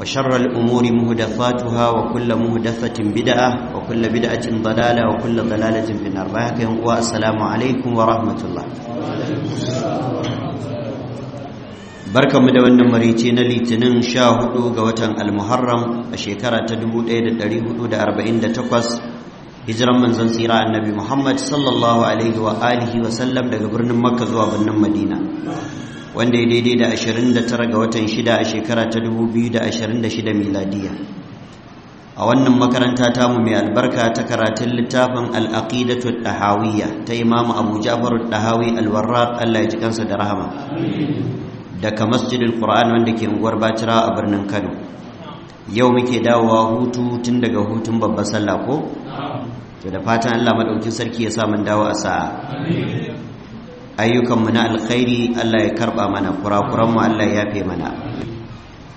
وشر الأمور مهدفاتها وكل مهدفة بدعة وكل بدعة ضلالة وكل ضلالة في النار والسلام عليكم ورحمة الله barkan mu da wannan marice na litinin sha hudu ga watan almuharram a shekara ta 1448 hijiran manzon tsira annabi muhammad sallallahu alaihi wa wa sallam daga birnin makka zuwa birnin madina wanda ya daidai da 29 ga watan 6 a shekara ta 2026 miladiya a wannan makaranta tamu mai albarka ta karatun littafin al'aqidatu dahawiyya ta imamu abu ja'far dahawi alwarra Allah ya ji kansa da rahama daga masjidil qur'an wanda ke unguwar bacira a birnin kano yau muke dawowa hutu tun daga hutun babbar sallah ko to da fatan Allah madaukin sarki ya sa mun dawo a sa'a ayyukanmu na alkhairi Allah ya karba mana kurakuranmu Allah ya yafe mana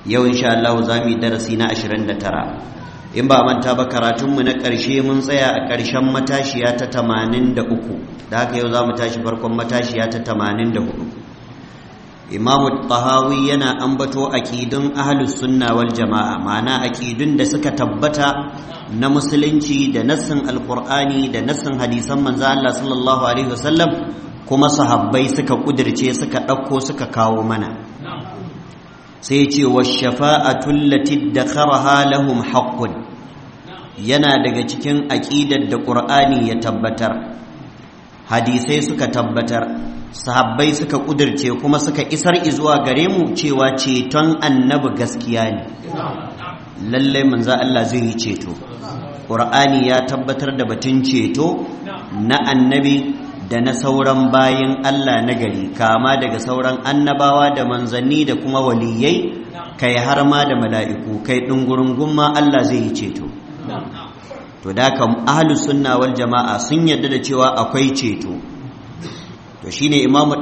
yau insha Allah za mu yi darasi na 29 in ba manta ba karatunmu na ƙarshe mun tsaya a ƙarshen matashiya ta 83 da haka yau za mu tashi farkon matashiya ta 84 Imam tahawi yana ambato akidun ahlus sunna wal jama'a ma'ana akidun da suka tabbata na musulunci da nassin alqur'ani da nassin hadisan manzo Allah sallallahu alaihi wasallam kuma sahabbai suka ƙudurce suka ɗauko suka kawo mana sai ce wa shafa'atul lati lahum haqqun yana daga cikin aƙidar da ƙur'ani ya tabbatar hadisai suka tabbatar sahabbai suka ƙudurce kuma suka isar izuwa gare mu cewa ceton annabi gaskiya ne lallai manza Allah zai yi ceto ƙur'ani ya tabbatar da batun ceto na annabi da na sauran bayan Allah na gari kama daga sauran annabawa da manzanni da kuma waliyai kai har ma da mala'iku kai ɗungurin gumma Allah zai yi ceto to da kan ahlu sunna wal jama'a sun yarda da cewa akwai ceto to shine imamu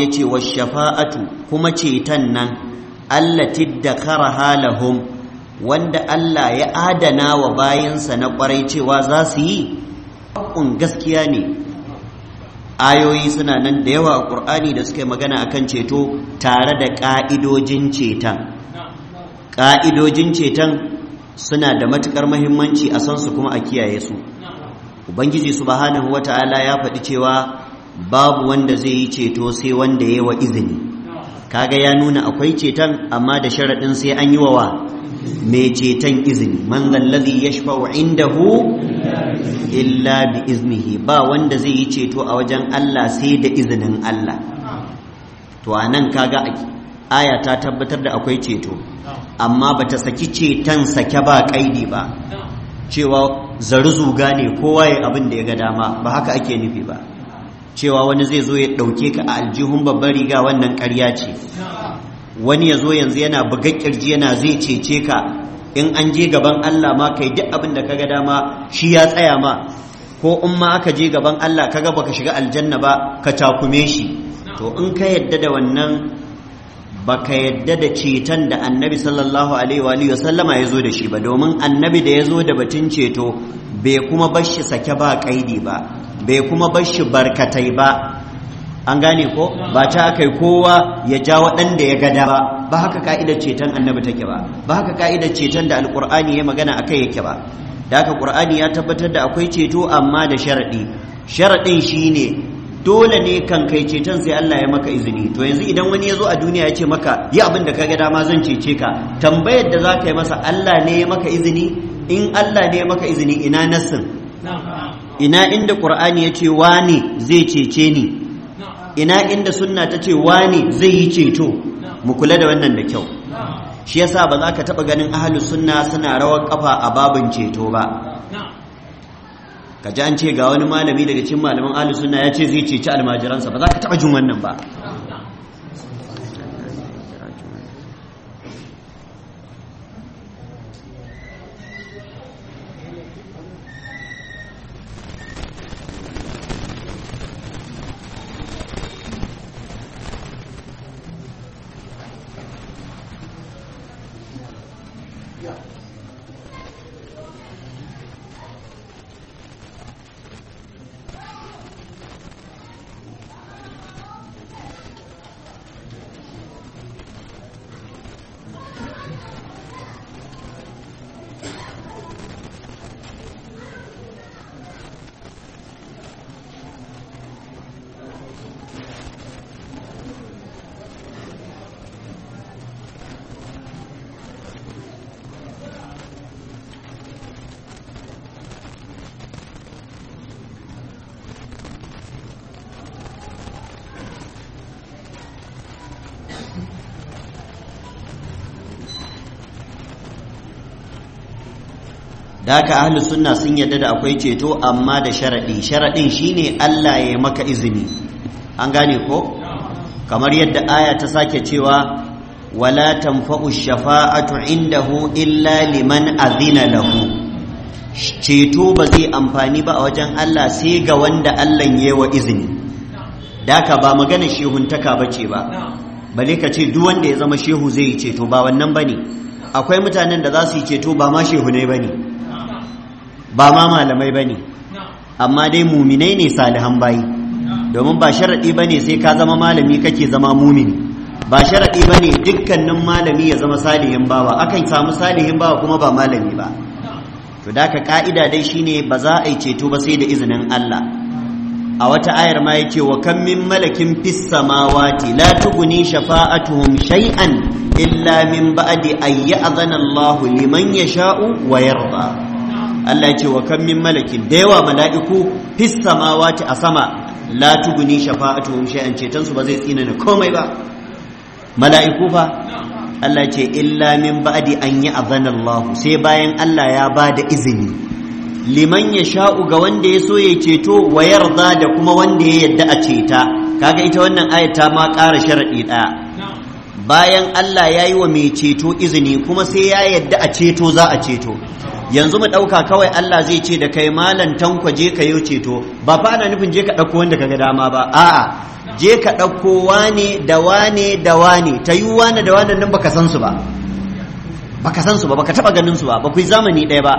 ya ce wa shafa'atu kuma ceton nan Allah dakharaha lahum wanda Allah ya adana wa bayansa na kwarai cewa za su yi haƙƙun gaskiya ne ayoyi suna nan da yawa a ƙur'ani da suke magana a kan ceto tare da ƙa'idojin ceton ƙa'idojin ceton suna da matuƙar mahimmanci a san su kuma a kiyaye su ubangiji subhanahu ta'ala ya faɗi cewa babu wanda zai yi ceto sai wanda ya wa izini kaga ya nuna akwai ceton amma da sharaɗin sai an yi wa wa mai ceton izini man zallazi yashfa'u indahu illa bi iznihi ba wanda zai yi ceto a wajen Allah sai da izinin Allah to anan kaga aya ta tabbatar da akwai ceto amma ba ta saki ceton sake ba kaidi ba cewa zaru zuga ne kowa ya abin da ya ga dama ba haka ake nufi ba cewa wani zai zo ya ɗauke ka a aljihun babbar riga wannan ƙarya ce wani ya zo yanzu yana buga kirji yana zai cece ka in an je gaban Allah ma kai duk abin da kaga dama shi ya tsaya ma ko in ma aka je gaban Allah kaga baka shiga aljanna ba ka takume shi to in ka yadda da wannan baka yadda da ceton da annabi sallallahu alaihi wa alihi sallama ya zo da shi ba domin annabi da ya zo da batun ceto bai kuma bar shi sake ba kaidi ba bai kuma bar shi barkatai ba an gane ko ba ta akai kowa ya ja waɗanda ya gada ba ba haka ka'idar ceton annabi take ba ba haka ka'idar ceton da alƙur'ani ya magana a akai yake ba da haka ƙur'ani ya tabbatar da akwai ceto amma da sharaɗi. Sharaɗin shi ne dole ne kan kai ceton sai Allah ya maka izini to yanzu idan wani ya zo a duniya ya ce maka yi abin da ka ga dama zan cece ka tambayar da za ka yi masa Allah ne ya maka izini in Allah ne ya maka izini ina nassin ina inda qur'ani ya ce wani zai cece ni ina inda sunna ta ce wani zai yi ceto mu kula da wannan da kyau shi yasa ba za ka taɓa ganin ahalu sunna suna rawar kafa a babin ceto ba ka ji an ce ga wani malami daga cikin malaman ahalu sunna ya ce zai ceci almajiransa ba za ka taba jin wannan ba da haka ahli sunna sun yadda da akwai ceto amma da sharaɗi sharaɗin shine Allah ya maka izini an gane ko kamar yadda aya ta sake cewa wala tanfa'u shafa'atu indahu illa liman azina lahu ceto ba zai amfani ba a wajen Allah sai ga wanda Allah ya wa izini daka ba magana shehuntaka bace ba bale ka ce duk wanda ya zama shehu zai yi ceto ba wannan bane akwai mutanen da za su yi ceto ba ma shehu ne bane ba ma malamai ba ne amma dai muminai ne salihan bayi domin ba sharaɗi ba ne sai ka zama malami kake zama mumini ba sharaɗi ba ne dukkanin malami ya zama salihin bawa akan samu salihin bawa kuma ba malami ba to da ka ka'ida dai shine ba za a yi ceto ba sai da izinin Allah a wata ayar ma yake wa kan min malakin fis samawati la tuguni shafa'atuhum shay'an illa min ba'di ay ya'dhana Allah liman yasha'u wa yarda Allah ya ce wa kam min malakin da yawa mala'iku fis samawati a sama la tuguni shafa'atuhum shay'an cetan su ba zai tsina ne komai ba mala'iku fa Allah ce illa min ba'di an yi azana Allah sai bayan Allah ya ba da izini liman ya sha'u ga wanda ya so ya ceto wa yarda da kuma wanda ya yadda a ceta kaga ita wannan ayat ta ma ƙara sharaɗi ɗaya bayan Allah ya yi wa mai ceto izini kuma sai ya yadda a ceto za a ceto yanzu mu ɗauka kawai Allah zai ce da kai malan tanko je ka yi ceto ba fa ana nufin je ka ɗauko wanda ka ga dama ba a'a je ka ɗauko wane da wane da wane ta yi wane da wane nan baka san su ba baka san su ba baka taɓa ganin su ba ba ku zamani ɗaya ba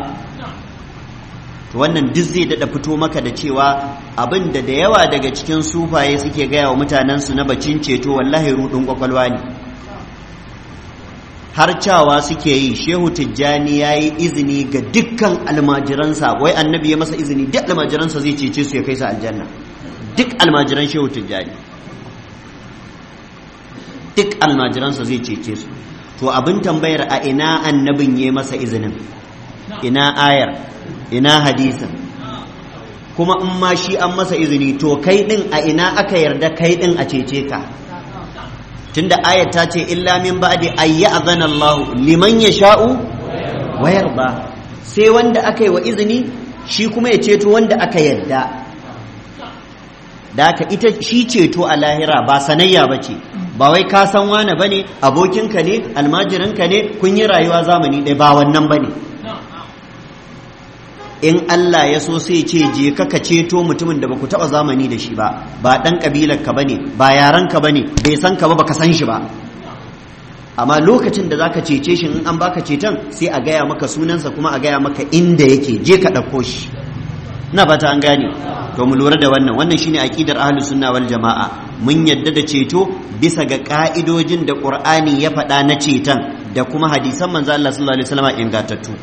to wannan duk zai daɗa fito maka da cewa abin da da yawa daga cikin sufaye suke gaya wa mutanensu na bacin ceto wallahi ruɗin kwakwalwa ne har cewa suke yi shehu tijjani ya yi izini ga dukkan almajiransa wai annabi ya masa izini duk almajiransa zai cece su ya kai su aljanna duk almajiran shehu tijjani duk almajiransa zai cece su to abin tambayar a ina annabin ya masa izinin ina ayar ina hadisin kuma in ma shi an masa izini to kai din a ina aka yarda kai din a cece ka tunda ayat ta ce illa min ba'di ayya azana Allah liman yasha'u wa yarda sai wanda aka yi wa izini shi kuma ya ceto wanda aka yadda da ka ita shi ceto a lahira ba sanayya bace ba wai ka san wane bane abokinka ne almajirinka ne kun yi rayuwa zamani ɗaya ba wannan bane in Allah ya so sai ce je ka ceto mutumin da baku taba zamani da shi ba ba dan kabilar ka bane ba yaran ka bane bai san ka ba baka san shi ba amma lokacin da zaka cece shi in an baka ceton sai a gaya maka sunansa kuma a gaya maka inda yake je ka ɗauko shi na fata an gane to mu lura da wannan wannan shine aqidar ahlus sunna wal jamaa mun yadda da ceto bisa ga ka'idojin da qur'ani ya faɗa na ceton da kuma hadisan manzo Allah sallallahu alaihi wasallam ingantattu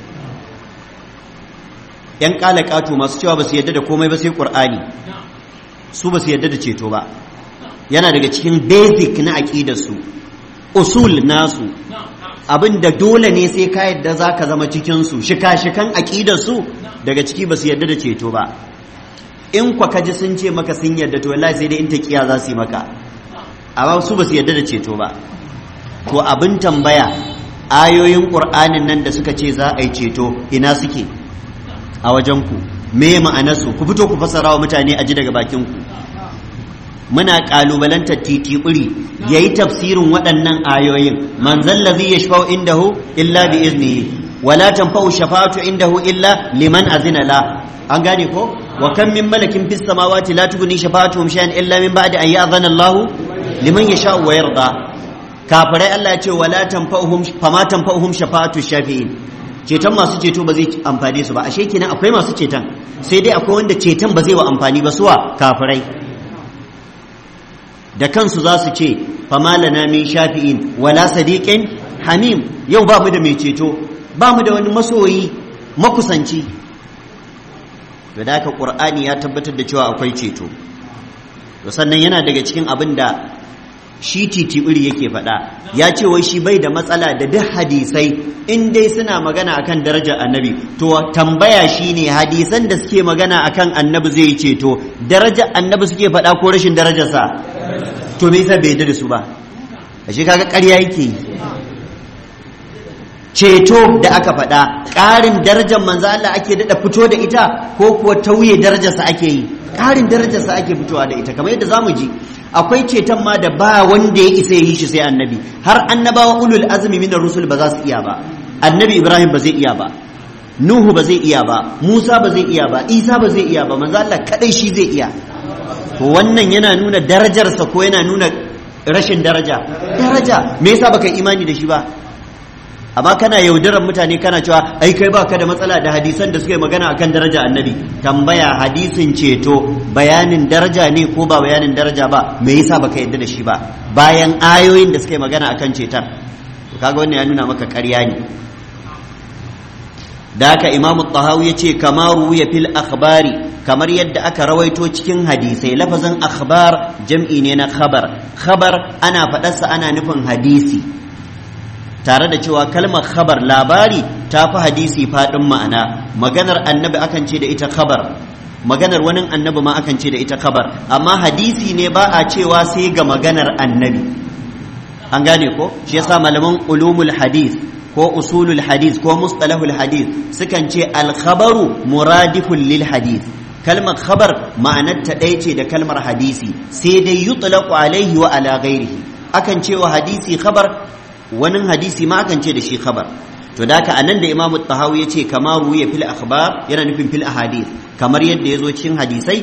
yan kalakatu masu cewa ba su yadda da komai ba sai qur'ani su ba su yadda da ceto ba yana daga cikin basic na aqidar usul nasu abin da dole ne sai ka yadda za ka zama cikinsu shika-shikan aƙidarsu daga ciki ba su yadda da ceto ba in kwa kaji sun ce maka sun yadda to wallahi sai dai in taƙiya za su yi maka amma su ba su yadda da ceto ba to abin tambaya ayoyin ƙur'anin nan da suka ce za a yi ceto ina suke a wajen ku me ma'anarsu ku fito ku fassara wa mutane a ji daga bakin ku muna kalubalantar titiƙuri ya yi tafsirin waɗannan ayoyin Man zallazi ya shafau hu? illa bi iznihi wala tanfa'u shafa'atu hu? illa liman azina la an gane ko wa kan min malakin fis samawati la tughni shafa'atuhum shay'an illa min ba'di an ya'zana Allahu liman yasha'u wa yarda kafirai Allah ya ce wala tanfa'uhum fama tanfa'uhum shafa'atu shafi'in ceton masu ceto ba zai amfane su ba ashe kenan akwai masu ceton sai dai akwai wanda cetan ba zai wa amfani ba suwa kafirai da kansu za su ce famalana min shafi'in wala sadiqin hamim yau ba mu da mai ceto ba mu da wani masoyi makusanci da da haka ya tabbatar da cewa akwai ceto sannan yana daga cikin abin da shi titi uri yake faɗa ya ce wai shi bai da matsala da duk hadisai in dai suna magana akan darajar annabi to tambaya shi ne hadisan da suke magana akan annabi zai yi ceto darajar annabi suke faɗa ko rashin darajarsa to me yasa bai da su ba ashe kaga ƙarya yake yi ceto da aka faɗa ƙarin darajar manzo Allah ake dada fito da ita ko kuwa tauye darajarsa ake yi ƙarin darajarsa ake fitowa da ita kamar yadda zamu ji akwai ceton ma da ba wanda ya isa yi shi sai annabi har annabawa ulul azumi minar rusul ba za su iya ba annabi ibrahim ba zai iya ba nuhu ba zai iya ba musa ba zai iya ba isa ba zai iya ba manzo Allah kadai shi zai iya wannan yana nuna darajarsa ko yana nuna rashin daraja daraja me yasa baka imani da shi ba amma kana yaudarar mutane kana cewa ai kai baka da matsala da hadisan da suka yi magana akan daraja annabi tambaya hadisin ceto bayanin daraja ne ko ba bayanin daraja ba me yasa baka yadda da shi ba bayan ayoyin da suka magana akan cetar to kaga wannan ya nuna maka ƙarya ne da haka imam tahawi ya ce kama ya fil akhbari kamar yadda aka rawaito cikin hadisai lafazin akhbar jam'i ne na khabar khabar ana faɗarsa ana nufin hadisi tare da cewa kalmar khabar labari ta fi hadisi faɗin ma'ana maganar annabi akan ce da ita khabar maganar wani annabi ma akan ce da ita khabar amma hadisi ne ba a cewa sai ga maganar annabi an gane ko shi yasa malaman ulumul hadis ko usulul hadis, ko mustalahul hadis, sukan ce al-khabaru muradifun lil hadis. kalmar khabar ma'anarta ɗaya ce da kalmar hadisi sai dai yutlaqu alaihi wa ala ghairihi akan cewa hadisi khabar wani hadisi ma akan ce da shi khabar to da ka anan da imamu tahawi ya ce kama ruwiya fil akhbar yana nufin fil ahadith kamar yadda ya zo cikin hadisai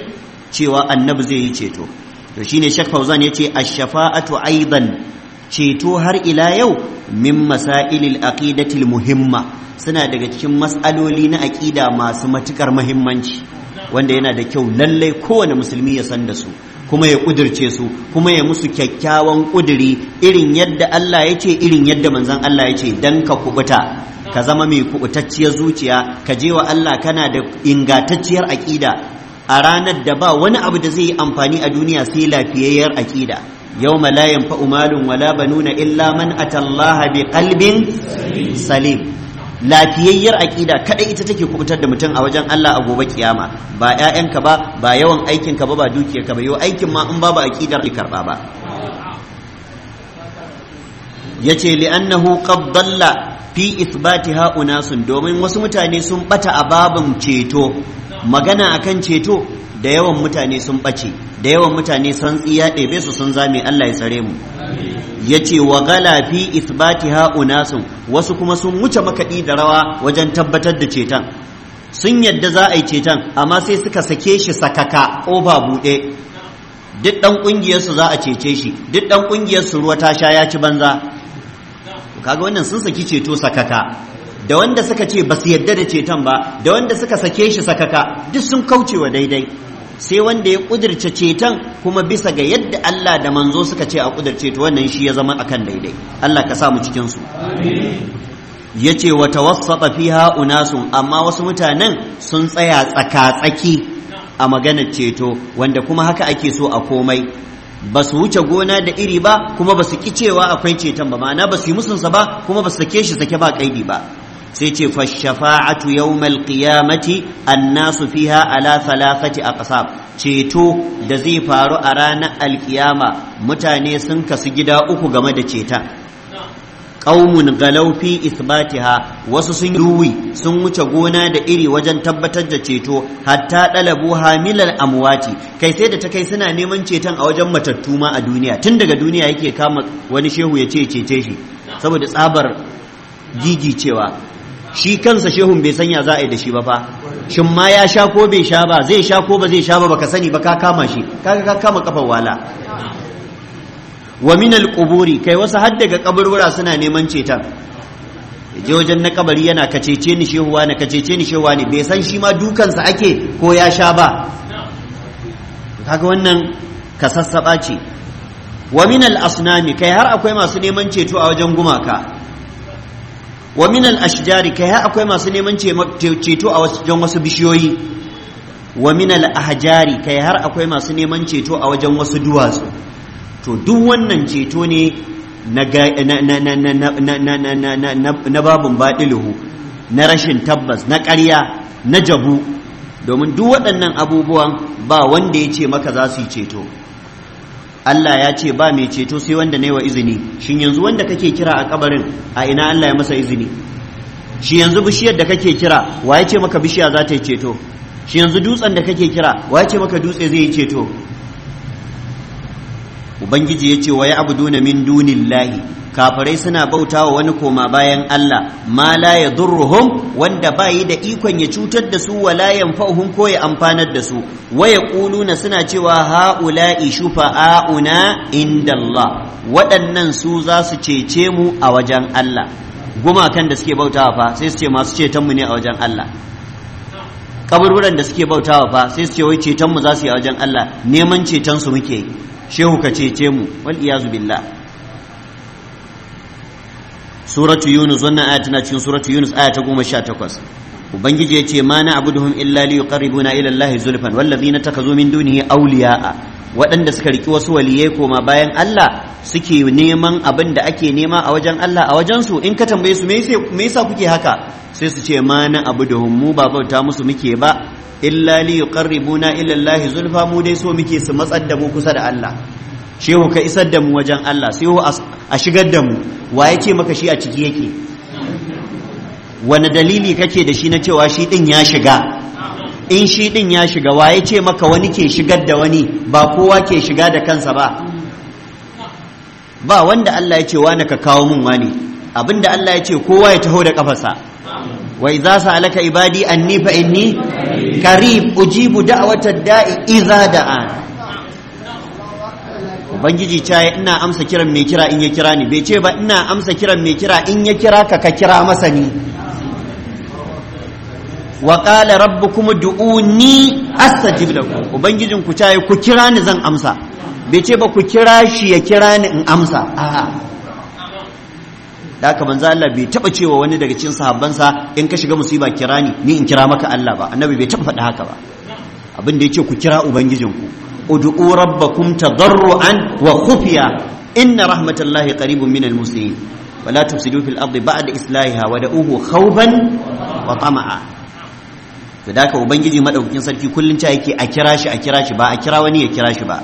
cewa annabi zai yi ceto to shine shekh fauzan ya ce ash-shafa'atu aidan ceto har ila yau min masailil aqidatil muhimma suna daga cikin mas'aloli na aqida masu matukar muhimmanci wanda yana da kyau lallai kowane musulmi ya san da su kuma ya kudirce su kuma ya musu kyakkyawan kudiri irin yadda Allah ya ce irin yadda manzon Allah ya ce dan ka kubuta ka zama mai kubutacciyar zuciya ka je wa Allah kana da ingantacciyar aƙida a ranar da ba wani abu da zai yi amfani a duniya sai lafiyayyar aƙida yau لا ينفع wala ولا illa man a أتى bi بقلب salim. lafiyayyar aƙida kaɗai ita take kubutar da mutum a wajen Allah a gobe kiyama ba ƴaƴanka ba ba yawan aikinka ba ba dukiyarka ba yau aikin ma in babu aƙidar ki karɓa ba yace li'annahu qad dalla fi ithbati ha'una sun domin wasu mutane sun bata a babin ceto magana akan ceto da yawan mutane sun bace da yawan mutane santsi ya ɗebe su sun zame Allah ya tsare mu ya ce wa gala fi isbati ha'unasun wasu kuma sun wuce makaɗi da rawa wajen tabbatar da ceton sun yadda za a yi ceton amma sai suka sake shi sakaka ƙofa buɗe duk ɗan ƙungiyarsu za a cece shi duk ɗan ƙungiyarsu ruwa ta sha ya ci banza kaga wannan sun saki ceto sakaka da wanda suka ce ba su yadda da ceton ba da wanda suka sake shi sakaka duk sun kauce wa daidai sai wanda ya kudirce ceton kuma bisa ga yadda Allah da manzo suka ce a kudirce to wannan shi ya zama akan daidai Allah ka sa mu cikin su ya ce wa tawassata fiha unasun amma wasu mutanen sun tsaya tsaka-tsaki a maganar ceto wanda kuma haka ake so a komai ba su wuce gona da iri ba kuma ba su ki cewa akwai ceton ba ma'ana ba su yi musunsa ba kuma ba su sake shi sake ba kaidi ba sai ce fashafa'atu shafa'atu yawmal qiyamati annasu fiha ala a ƙasa ceto da zai faru a ranar alkiyama mutane sun kasu gida uku game da ceta Ƙaumun galaufi fi wasu sun ruwi sun wuce gona da iri wajen tabbatar da ceto hatta ɗalabu hamilar amwati kai sai da ta kai suna neman ceton a wajen matattu ma a duniya tun daga duniya yake kama wani shehu ya ce cece shi saboda tsabar gigi shi kansa shehun bai sanya za a yi da shi ba fa shin ma ya sha ko bai sha ba zai sha ko ba zai sha ba baka sani ba ka kama shi kaga ka kama kafar wala wa min quburi kai wasu har daga kaburbura suna neman ceton je wajen na kabari yana kacece ni shehuwa ne kacece ni shehuwa ne bai san shi ma dukansa ake ko ya sha ba kaga wannan kasassaba ce wa min al-asnami kai har akwai masu neman ceto a wajen gumaka wa min al-ashjari kai akwai masu neman ceto a wajen wasu bishiyoyi wa min ahjari kai har akwai masu neman ceto a wajen wasu duwatsu to duk wannan ceto ne na na baɗiluhu na rashin tabbas na ƙarya na jabu domin duk waɗannan abubuwan ba wanda ya ce maka za su yi ceto Allah ya ce ba mai ceto sai wanda ne wa izini shin yanzu wanda kake kira a kabarin a ina Allah ya masa izini shi yanzu bishiyar da kake kira wa ya ce maka bishiya za ta yi ceto shi yanzu dutsen da kake kira wa ya ce maka dutse zai yi ceto ubangiji ya ce wa ya abu min dunillahi kafirai suna bauta wa wani koma bayan Allah ma la durruhum wanda bayi da ikon ya cutar da su wala yanfa'uhum ko ya amfanar da su waya yaquluna suna cewa haula'i shufa'auna indallah waɗannan su za su cece mu a wajen Allah gumakan da suke bautawa fa sai su ce masu ceton mu ne a wajen Allah kaburburan da suke bautawa fa sai su ce wai ceton mu za su yi a wajen Allah neman ceton su muke shehu ka cece mu wal iyazu billah suratu yunus wannan aya tana cikin suratu yunus aya ta goma sha takwas ubangiji ya ce ma na abuduhum illa li yuqarribuna ila allahi zulfan wallazina takazu min dunihi awliya'a waɗanda suka riki wasu waliyai koma bayan Allah suke neman abin da ake nema a wajen Allah a wajen su in ka tambaye su me yasa kuke haka sai su ce ma na abuduhum mu ba bauta musu muke ba illa li yuqarribuna ila allahi zulfa mu dai so muke su matsar da mu kusa da Allah shehu ka isar da mu wajen Allah sai a shigar da mu wa ya ce maka shi a ciki yake wani dalili kake da shi na cewa shi din ya shiga in shi din ya shiga wa ya ce maka wani ke shigar da wani ba kowa ke shiga da kansa ba ba wanda Allah ya ce wani ka kawo min wani abinda Allah ya ce kowa ya taho da kafarsa wa idza sa'alaka ibadi anni fa inni qarib ujibu da'watad da'i idza da'a. ubangiji ta yi ina amsa kiran mai kira in ya kira ni bai ce ba ina amsa kiran mai kira in ya kira ka ka kira masa ni wa qala rabbukum du'uni astajib lakum ubangijin ku ta ku kira ni zan amsa bai ce ba ku kira shi ya kira ni in amsa a'a da haka manzo Allah bai taba cewa wani daga cikin sahabbansa in ka shiga musiba kira ni ni in kira maka Allah ba annabi bai taba faɗa haka ba abin da yake ku kira ku. ud'u rabbakum tadarruan wa khufiya inna rahmatallahi qaribun minal muslimin ولا تفسدوا في الأرض بعد إصلاحها ودعوه خوفا وطمعا فذاك ubangiji madaukakin sarki kullun ta yake a kira shi a kira shi ba a kira wani ya kira shi ba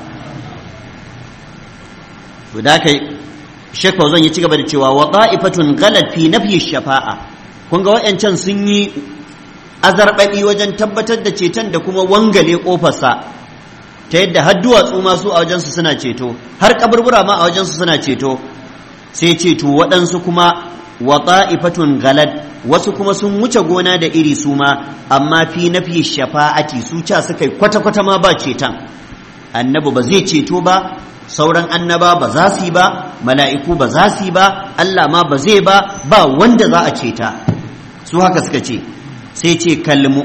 to da ka Sheikh Fauzan ya ci gaba da cewa wa qa'ifatun ghalat fi nafyi shafa'a kun ga wayancan sun yi azarbadi wajen tabbatar da ceton da kuma wangale kofarsa ta yadda har duwatsu ma su a wajensu suna ceto har kaburbura ma a su suna ceto sai ceto waɗansu kuma wa ifatun galad wasu kuma sun wuce gona da iri su ma amma fi nafi shafa'ati su ca suka kwata-kwata ma ba cetan. annabi ba zai ceto ba sauran annaba ba za su yi ba mala'iku ba za su yi ba Allah ma ba zai ba ba wanda za a ceta su haka suka ce sai ce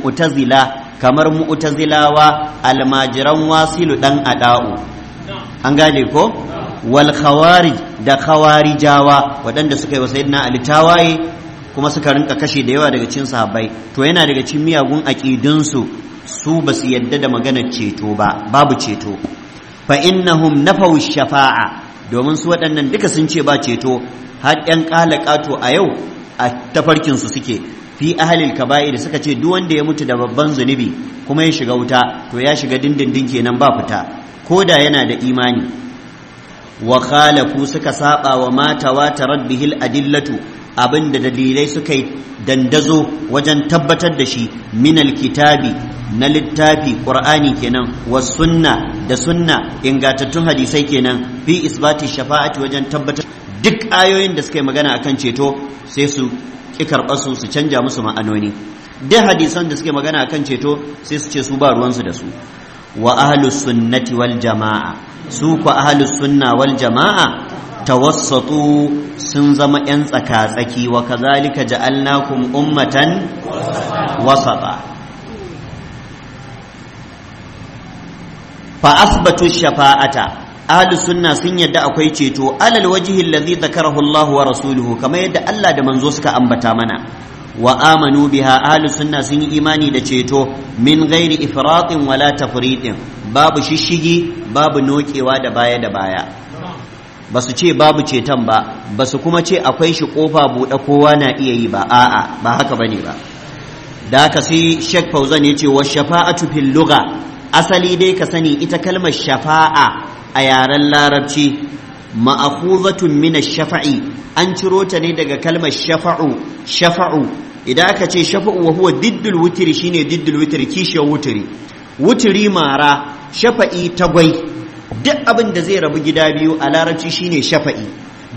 utazila kamar mu'tazilawa almajiran wasilu dan ada'u an gane ko wal khawarij da khawarijawa waɗanda suka yi wa sayyidina ali tawaye kuma suka rinka kashe da yawa daga cikin sahabbai to yana daga cikin miyagun aƙidunsu su ba su yadda da maganar ceto ba babu ceto fa innahum nafaw shafa'a domin su waɗannan duka sun ce ba ceto har ƴan ƙalaƙato a yau a tafarkinsu suke fi ahlil kaba'ir suka ce duk wanda ya mutu da babban zunubi kuma ya shiga wuta to ya shiga dindindin kenan ba fita ko da yana da imani wa khalaqu suka saba wa mata tawatarat bihil adillatu abinda dalilai suka yi dandazo wajen tabbatar da shi minal kitabi na littafi ƙur'ani kenan wa sunna da sunna ingantattun hadisai kenan fi isbati shafa'ati wajen tabbatar duk ayoyin da suka yi magana akan ceto sai su ki karɓa su su canja musu ma'anoni duk hadisan da suke magana akan ceto sai su ce su ba ruwansu da su wa ahlus sunnati wal jama'a su ku ahlus sunna wal jama'a tawassatu sun zama 'yan tsaka-tsaki wa kazalika ja'alnakum ummatan wasata fa asbatu shafa'ata ahli sunna sun yadda akwai ceto alal wajhi allazi zakarahu Allahu wa rasuluhu kamar yadda Allah da manzo suka ambata mana wa amanu biha ahli sunna sun yi imani da ceto min ghairi ifratin wala tafritin babu shishigi babu nokewa da baya da baya ba su ce babu ceton ba ba su kuma ce akwai shi kofa buɗe kowa na iya yi ba a'a ba haka bane ba da haka sai Sheikh Fauzan ya ce wa shafa'atu fil lugha asali dai ka sani ita kalmar shafa'a a yaren larabci ma'akhuzatun mina shafai an ciro ta ne daga kalmar shafa'u shafa'u idan aka ce shafa'u wa huwa diddul wutri shine diddul wutri kishiyar wutri wutri mara shafa'i tagwai duk abin da zai rabu gida biyu a larabci shine shafa'i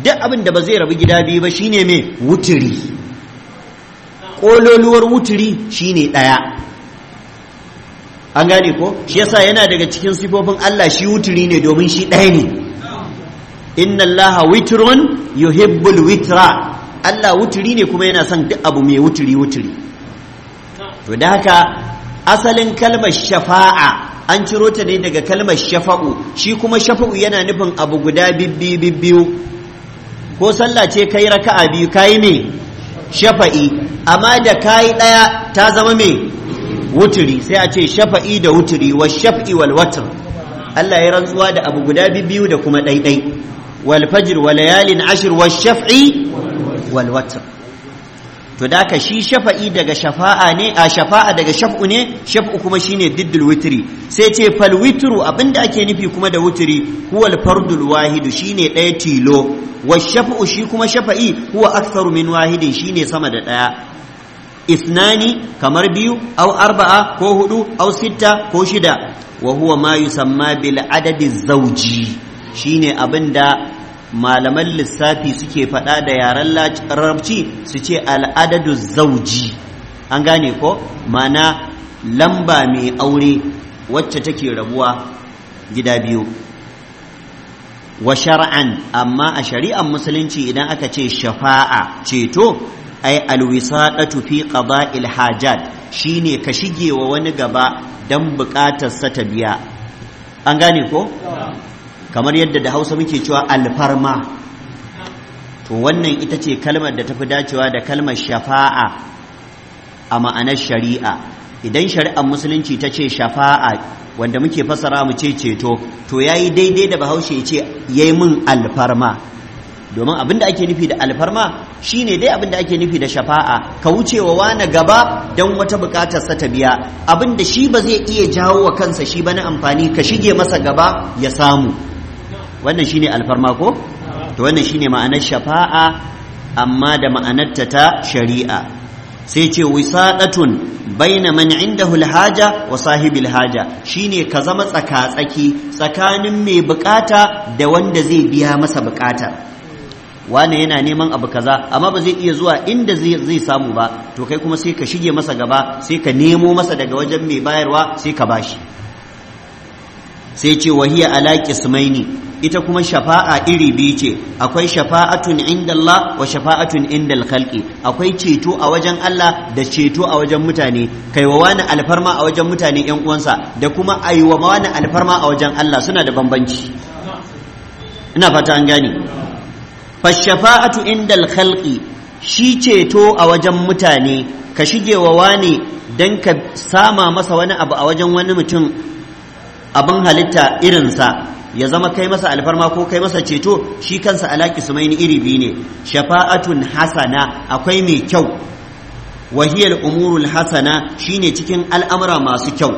duk abin da ba zai rabu gida biyu ba shine me wutri kololuwar wutri shine ɗaya. an gane ko shi yasa yana daga cikin sifofin Allah shi wuturi ne domin shi ɗaya ne inna allaha witrun yuhibbul witra Allah wuturi ne kuma yana son duk abu mai wuturi wuturi to da haka asalin kalmar shafa'a an ciro ta ne daga kalmar shafa'u shi kuma shafa'u yana nufin abu guda bibbi bibbiyu ko sallah ce kai raka'a biyu kai me shafa'i amma da kai daya ta zama me wuturi sai a ce shafa'i da wuturi wa shaf'i wal watr Allah ya rantsuwa da abu guda biyu da kuma ɗaiɗai wal fajr wa layalin ashir wa shaf'i wal watr to da ka shi shafa'i daga shafa'a ne a shafa'a daga shaf'u ne shaf'u kuma shine diddul witri sai ce fal witru abinda ake nufi kuma da witri huwa al fardul wahidu shine ɗaya tilo wa shaf'u shi kuma shafa'i huwa aktharu min wahidin shine sama da ɗaya Isnani kamar biyu au arba'a ko hudu au sita ko shida wa huwa ma yusamma bil adadi zawji shine abinda malaman lissafi suke faɗa da yaren larabci su ce al'adadu zauji an gane ko mana lamba mai aure wacce take rabuwa gida biyu wa shar'an amma a shari'ar musulunci idan aka ce shafa'a ceto ai alwisadatu fi qada'il hajat shine ka shige wa wani gaba dan bukatar sa ta biya an gane ko kamar yadda da Hausa muke cewa alfarma to wannan ita ce kalmar da tafi dacewa da kalmar shafa'a a ma'anar shari'a idan shari'ar musulunci ta ce shafa'a wanda muke fasara mu ce ceto to yayi daidai da bahaushe ce yayi min alfarma domin abin da ake nufi da alfarma shine dai abin da ake nufi da shafa'a ka wuce wa na gaba don wata bukatar sa ta biya abin da shi ba zai iya jawo wa kansa shi ba na amfani ka shige masa gaba ya samu wannan shine alfarma ko to wannan shine ma'anar shafa'a amma da ma'anarta ta shari'a sai ce wisaɗatun baina man indahu alhaja wa sahibil shine ka zama tsaka-tsaki tsakanin mai bukata da wanda zai biya masa bukata wane yana neman abu kaza amma ba zai iya zuwa inda zai samu ba to kai kuma sai ka shige masa gaba sai ka nemo masa daga wajen mai bayarwa sai ka bashi sai ce wahiya ala qismaini ita kuma shafa'a iri biyu ce akwai shafa'atun inda Allah wa shafa'atun inda khalqi akwai ceto a wajen Allah da ceto a wajen mutane kai wa wani alfarma a wajen mutane yan uwansa da kuma aiwa wani alfarma a wajen Allah suna da bambanci ina fata an gane fashafa'atu indal khalqi shi ceto a wajen mutane ka shige wa wani dan ka sama masa wani abu a wajen wani mutum abin halitta irinsa ya zama kai masa alfarma ko kai masa ceto shi kansa alaki sumaini iri biyu ne shafa'atun hasana akwai mai kyau wahiyar umurul hasana shine cikin al'amura masu kyau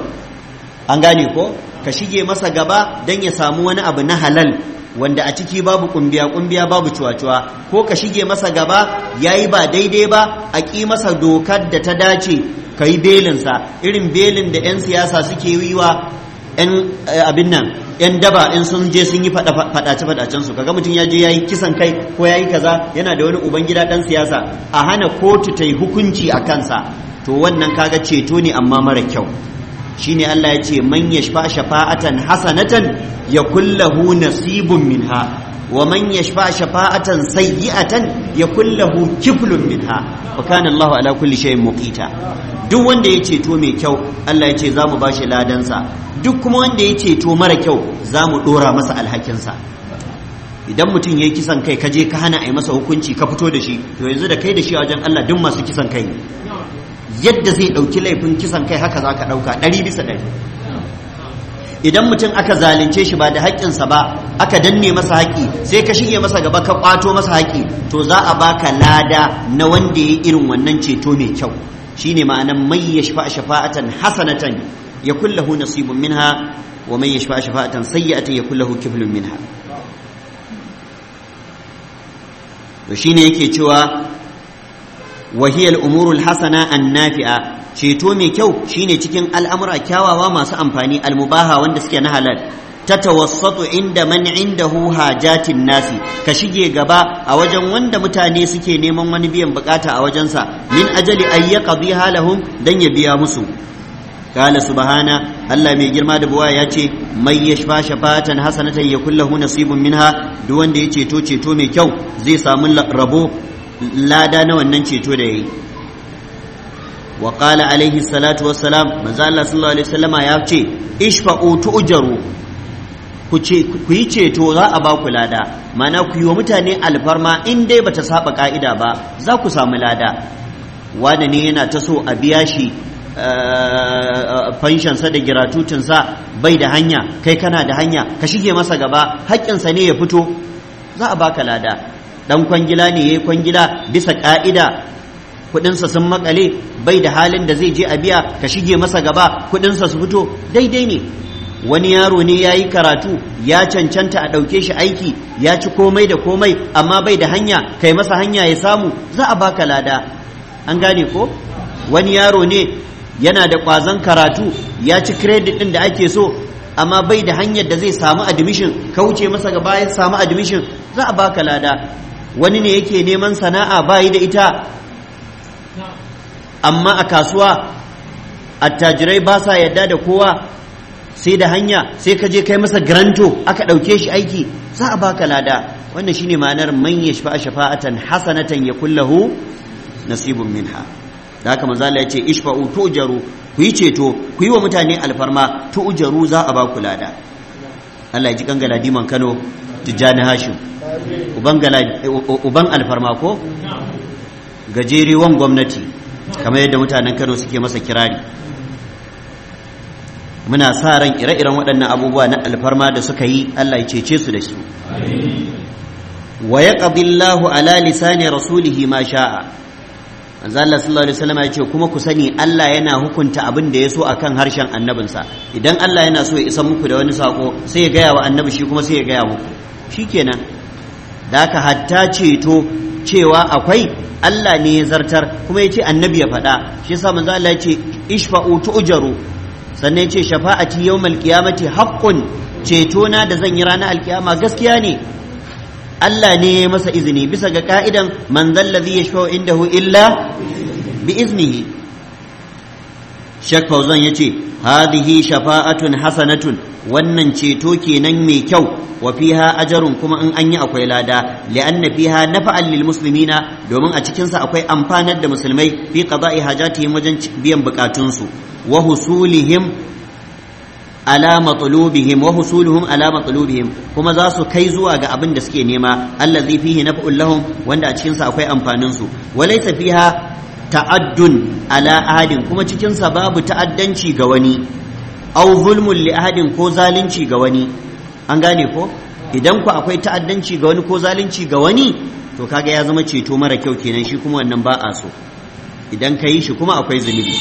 an gane ko ka shige masa gaba don ya samu wani abu na halal wanda a ciki babu kumbiya kumbiya babu cuwa-cuwa ko ka shige masa gaba ya yi ba daidai ba a ƙi masa dokar da ta dace ka yi belinsa irin belin da 'yan siyasa suke yi wa 'yan eh, abin nan 'yan daba in sun je sun yi faɗace-faɗacen su kaga mutum ya je ya yi kisan kai ko ya yi kaza yana da wani ubangida ɗan siyasa a hana kotu ta yi hukunci a kansa to wannan kaga ceto ne amma mara kyau shine Allah ya ce man shafa shafa'atan hasanatan ya kullahu nasibun minha wa man shafa shafa'atan sayyi'atan ya kullahu kiflun minha wa kana Allah ala kulli shay'in muqita duk wanda ya ceto mai kyau Allah ya ce za mu bashi ladan sa duk kuma wanda ya ceto mara kyau za mu dora masa alhakinsa. idan mutum ya yi kisan kai kaje ka hana a yi masa hukunci ka fito da shi to yanzu da kai da shi a wajen Allah duk masu kisan kai ne yadda zai ɗauki laifin kisan kai haka za ka ɗauka ɗari bisa ɗari idan mutum aka zalunce shi ba da haƙƙinsa ba aka danne masa haƙƙi sai ka shige masa gaba ka ƙwato masa haƙƙi to za a baka lada na wanda ya irin wannan ceto mai kyau shine ma'anan mai ya a shafa'atan hasanatan ya kullahu nasibun minha wa mai ya a shafa'atan sayyi'atan ya kullahu kiblun minha to shine yake cewa Wahiyar hiya Hassana umuru an ceto mai kyau shine cikin al'amura kyawawa masu amfani almubaha wanda suke na halal tatawassatu inda man indahu hajatin nasi ka shige gaba a wajen wanda mutane suke neman wani biyan bukata a wajensa min ajali ay yaqdi halahum dan ya biya musu kala subhana Allah mai girma da buwa ya ce mai yashfa shafatan hasanatan hu, nasibun minha duk wanda ya ceto ceto mai kyau zai samu rabo lada na wannan ceto da yayi wa qala alaihi salatu wassalam manzo Allah sallallahu alaihi salama, ya ce ishfa'u tu'jaru ku ku yi ceto za a ba ku lada mana ku yi wa mutane alfarma in dai bata saba ka'ida ba za ku samu lada wanda ne yana ta so a biya shi eh, fanshansa da sa bai da hanya kai kana da hanya ka shige masa gaba haƙƙinsa ne ya fito za a baka lada dan kwangila ne yayi kwangila bisa ka'ida kudinsa sun makale bai da halin da zai je a biya ka shige masa gaba kudinsa su fito daidai ne wani yaro ne ya yi karatu ya cancanta a ɗauke shi aiki ya ci komai da komai amma bai da hanya kai masa hanya ya samu za a baka lada an gane ko wani yaro ne yana da ƙwazon karatu ya ci credit ɗin da ake so amma bai da hanyar da zai samu admission ka wuce masa gaba ya samu admission za a baka lada wani ne yake neman sana'a bayi da ita amma a kasuwa attajirai ba sa yadda da kowa sai da hanya sai ka je kai masa garanto aka ɗauke shi aiki za a baka lada wannan shine ma'anar man yashfa shafa'atan hasanatan kullahu nasibun minha da haka manzo ya ce ishfa'u tujaru ku yi ceto ku yi wa mutane alfarma Ujaru za a baku lada Allah ya ji kangala diman Kano tijjani hashim uban alfarma ko gajeriwan gwamnati kamar yadda mutanen kano suke masa kirari muna sa ran ire-iren waɗannan abubuwa na alfarma da suka yi allah ya cece su da shi. wa ya ƙabillahu ala lisani rasulihi ma sha'a Allah sallallahu alaihi wasallam ya ce kuma ku sani Allah yana hukunta abin da ya so akan harshen annabinsa idan Allah yana so ya isa muku da wani sako sai ya gaya wa annabi shi kuma sai ya gaya muku shikenan da ka hatta ceto cewa akwai Allah ne ya zartar kuma ya ce annabi ya faɗa shi yasa manzo Allah ya ce ishfa'u tu'jaru sannan ya ce shafa'ati yawmal qiyamati haqqun ceto na da zan yi ranar alkiyama gaskiya ne Allah ne ya masa izini bisa ga ka'idan manzal ladhi yashfa'u indahu illa bi iznihi Sheikh Fauzan ya ce, Hadihi shafa'atun hasanatun, wannan ceto kenan mai kyau, wa fiha ajarun kuma in an yi akwai lada, li'anna fiha nafa'an lil muslimina domin a cikinsa akwai amfanar da musulmai fi qada'i hajatihim wajen biyan bukatunsu, wa husulihim ala matlubihim wa husuluhum ala matlubihim kuma za su kai zuwa ga abin da suke nema allazi fihi naf'ul lahum wanda a cikin sa akwai amfanin su walaysa fiha ta'addun ala ahadin kuma cikinsa babu ta'addanci ga wani au zulmun li ahadin ko zalunci ga wani an gane ko idan ku akwai ta'addanci ga wani ko zalunci ga wani to kaga ya zama ceto mara kyau kenan shi kuma wannan ba a so idan ka yi shi kuma akwai zunubi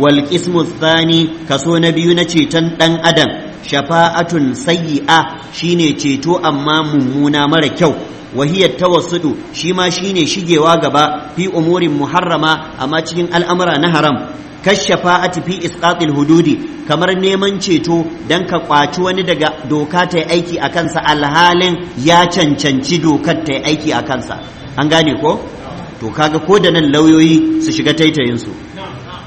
wal qismu tsani kaso na biyu na ceton dan adam shafa'atun sayyi'a shine ceto amma mummuna mara kyau wa hiya tawassudu shi ma shine shigewa gaba fi umurin muharrama amma cikin al'amura na haram kashafa'ati fi isqatil hududi kamar neman ceto dan ka kwaci wani daga doka ta aiki a kansa alhalin ya cancanci dokar ta aiki a kansa an gane ko to kaga ko da nan lauyoyi su shiga taitayinsu su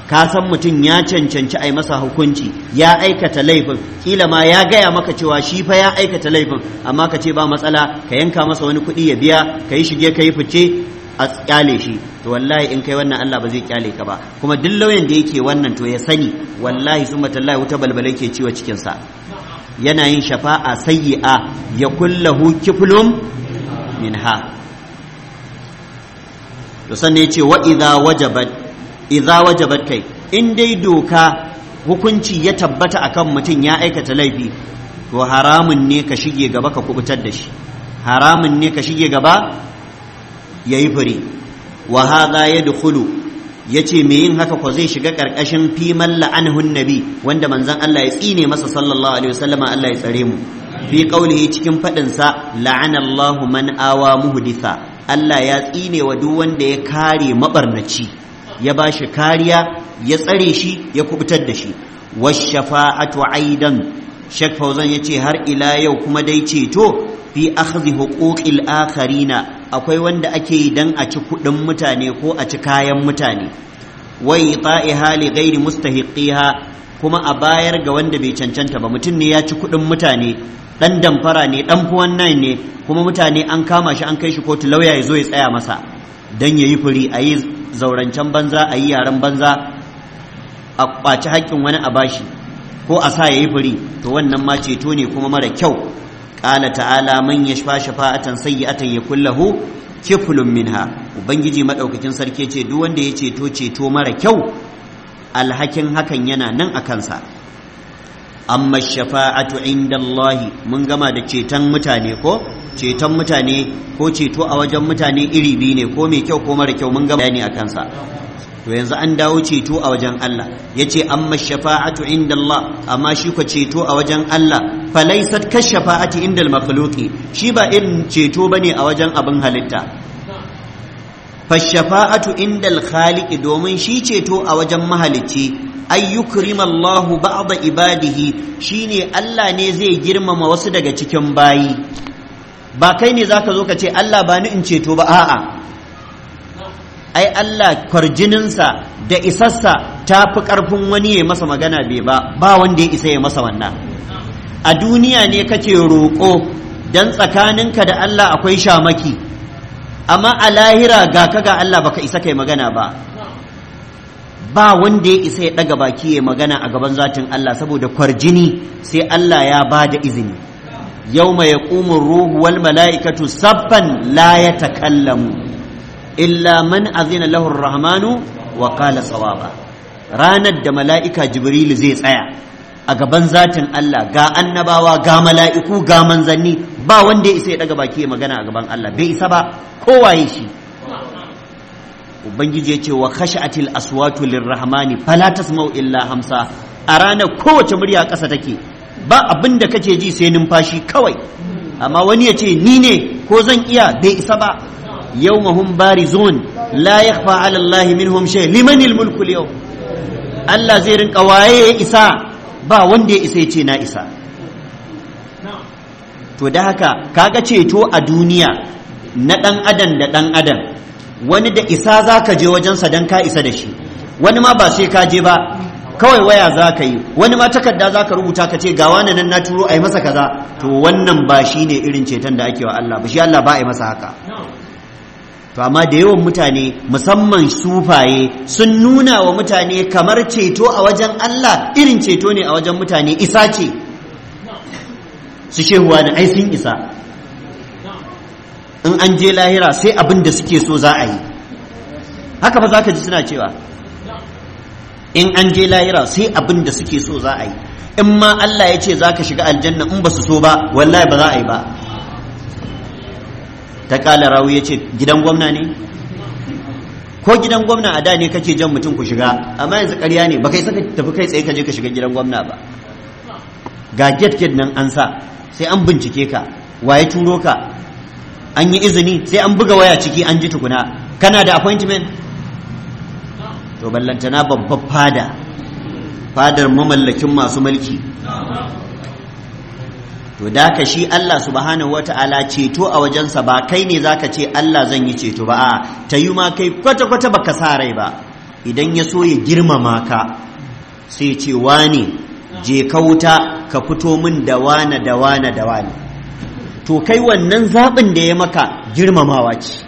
ka san mutum ya cancanci a yi masa hukunci ya aikata laifin kila ma ya gaya maka cewa shi fa ya aikata laifin amma ka ce ba matsala ka yanka masa wani kuɗi ya biya ka yi shige ka yi fice a kyale shi to wallahi in kai wannan Allah ba zai kyale ka ba kuma duk lauyan da yake wannan to ya sani wallahi summa tallahi wuta balbala ke ciwa cikin sa yana yin shafa'a sayyi'a ya kullahu kiflum minha to sanne yace wa idza wajabat idza wajabat kai in dai doka hukunci ya tabbata akan mutum ya aikata laifi to haramun ne ka shige gaba ka kubutar da shi haramun ne ka shige gaba yayi fure wa hadha yadkhulu yace ce me yin haka ko zai shiga ƙarƙashin fiman la'anhun nabi wanda manzon Allah ya tsine masa sallallahu alaihi wasallam Allah ya tsare mu fi qaulihi cikin fadin sa la'anallahu man awa muhditha Allah ya tsine wa duk wanda ya kare mabarnaci ya ba shi kariya ya tsare shi ya kubutar da shi washafa'atu aidan Sheikh Fauzan yace har ila yau kuma dai ceto fi akhzi huquqil akharina akwai wanda ake yi dan a ci kudin mutane ko a ci kayan mutane wai ta'iha li ghairi mustahiqiha kuma a bayar ga wanda bai cancanta ba mutum ne ya ci kudin mutane dan damfara ne dan fuwan nan ne kuma mutane an kama shi an kai shi kotu lauya ya zo ya tsaya masa dan yayi furi ayi zaurancen banza a yi yaren banza a ƙwaci haƙƙin wani a bashi ko a sa ya yi fari to wannan ma ceto ne kuma mara kyau ƙala ta'ala man ya shafa shafa'atan atan ya kullahu kiflun minha ubangiji maɗaukakin sarki ce duk wanda ya ceto ceto mara kyau alhakin hakan yana nan a kansa amma shafa'atu inda Allah mun gama da ceton mutane ko ceton mutane ko ceto a wajen mutane iri biyu ne ko mai kyau ko mara kyau mun gama bayani a kansa to yanzu an dawo ceto a wajen Allah yace amma shafa'atu inda Allah amma shi ko ceto a wajen Allah falaisat ka shafa'ati inda al shi ba irin ceto bane a wajen abin halitta fashafa'atu indal khaliq domin shi ceto a wajen mahalicci Ayyukurimallahu ba'aba ba'da ibadihi shine Allah ne zai girmama wasu daga cikin bayi ba kai ne zaka zo ka ce Allah ba ni in ceto ba a'a ai Allah kwarjininsa da isassa ta fi ƙarfin wani ya masa magana bai ba ba wanda ya isa ya masa wannan a duniya ne kake roƙo dan tsakaninka da Allah akwai shamaki amma a lahira ga ka ga Allah baka isa kai magana ba ba wanda ya isa ya daga baki ya magana a gaban zatin Allah saboda kwarjini sai Allah ya ba da izini Yau ƙumin ruhu wal mala'ikatu sabban la kallamu. illa man azina lahu rahmanu wa qala ranar da mala'ika jibril zai tsaya a gaban zatin Allah ga annabawa ga mala'iku ga manzanni ba wanda ya isa ya daga baki ya magana a gaban Allah bai isa ba kowaye shi ubangiji ya ce wa khashatil aswatu lirrahmani fala tasma'u illa hamsa a ranar kowace murya ƙasa take ba abin da kake ji sai numfashi kawai amma wani ya ce ni ne ko zan iya bai isa ba yau mahun barizon la ya fa alallahi minhum shay liman mulku yau Allah zai rinka waye ya isa ba wanda ya isa ya ce na isa to da haka kaga ceto a duniya na dan adam da dan adam wani da isa za ka je wajensa don ka isa da shi wani ma ba sai ka je ba kawai waya za ka yi wani ma takarda za ka rubuta ka ce ga wani nan na turo a yi masa kaza to wannan ba shi ne irin ceton da ake wa Allah ba shi Allah ba a yi masa haka to amma da yawan mutane musamman sufaye sun nuna wa mutane kamar ceto a wajen Allah irin ceto ne a wajen mutane isa ce su shehuwa na ai sun isa in an je lahira sai abin da suke so za a yi haka ba za ka ji suna cewa in an je lahira sai abin da suke so za a yi in ma Allah ya ce za ka shiga aljanna in ba su so ba wallahi ba za a yi ba ta kala rawu ya ce gidan gwamna ne ko gidan gwamna a da ne kake jan mutum ku shiga amma yanzu ƙarya ne ba kai saka tafi kai tsaye ka je ka shiga gidan gwamna ba ga get get nan an sa sai an bincike ka waye turo ka an yi izini sai an buga waya ciki an ji tukuna kana da appointment to ballantana babbar fada fadar mamallakin masu mulki to da ka shi Allah subhanahu wata'ala ceto a wajensa ba kai ne zaka ce Allah zan yi ceto ba a ta yi ma kai kwata-kwata baka sa rai ba idan ya so ya girmama ka sai ce wane je kauta ka fito min da wane da wane da wane to kai wannan zaɓin da ya maka girmamawa ce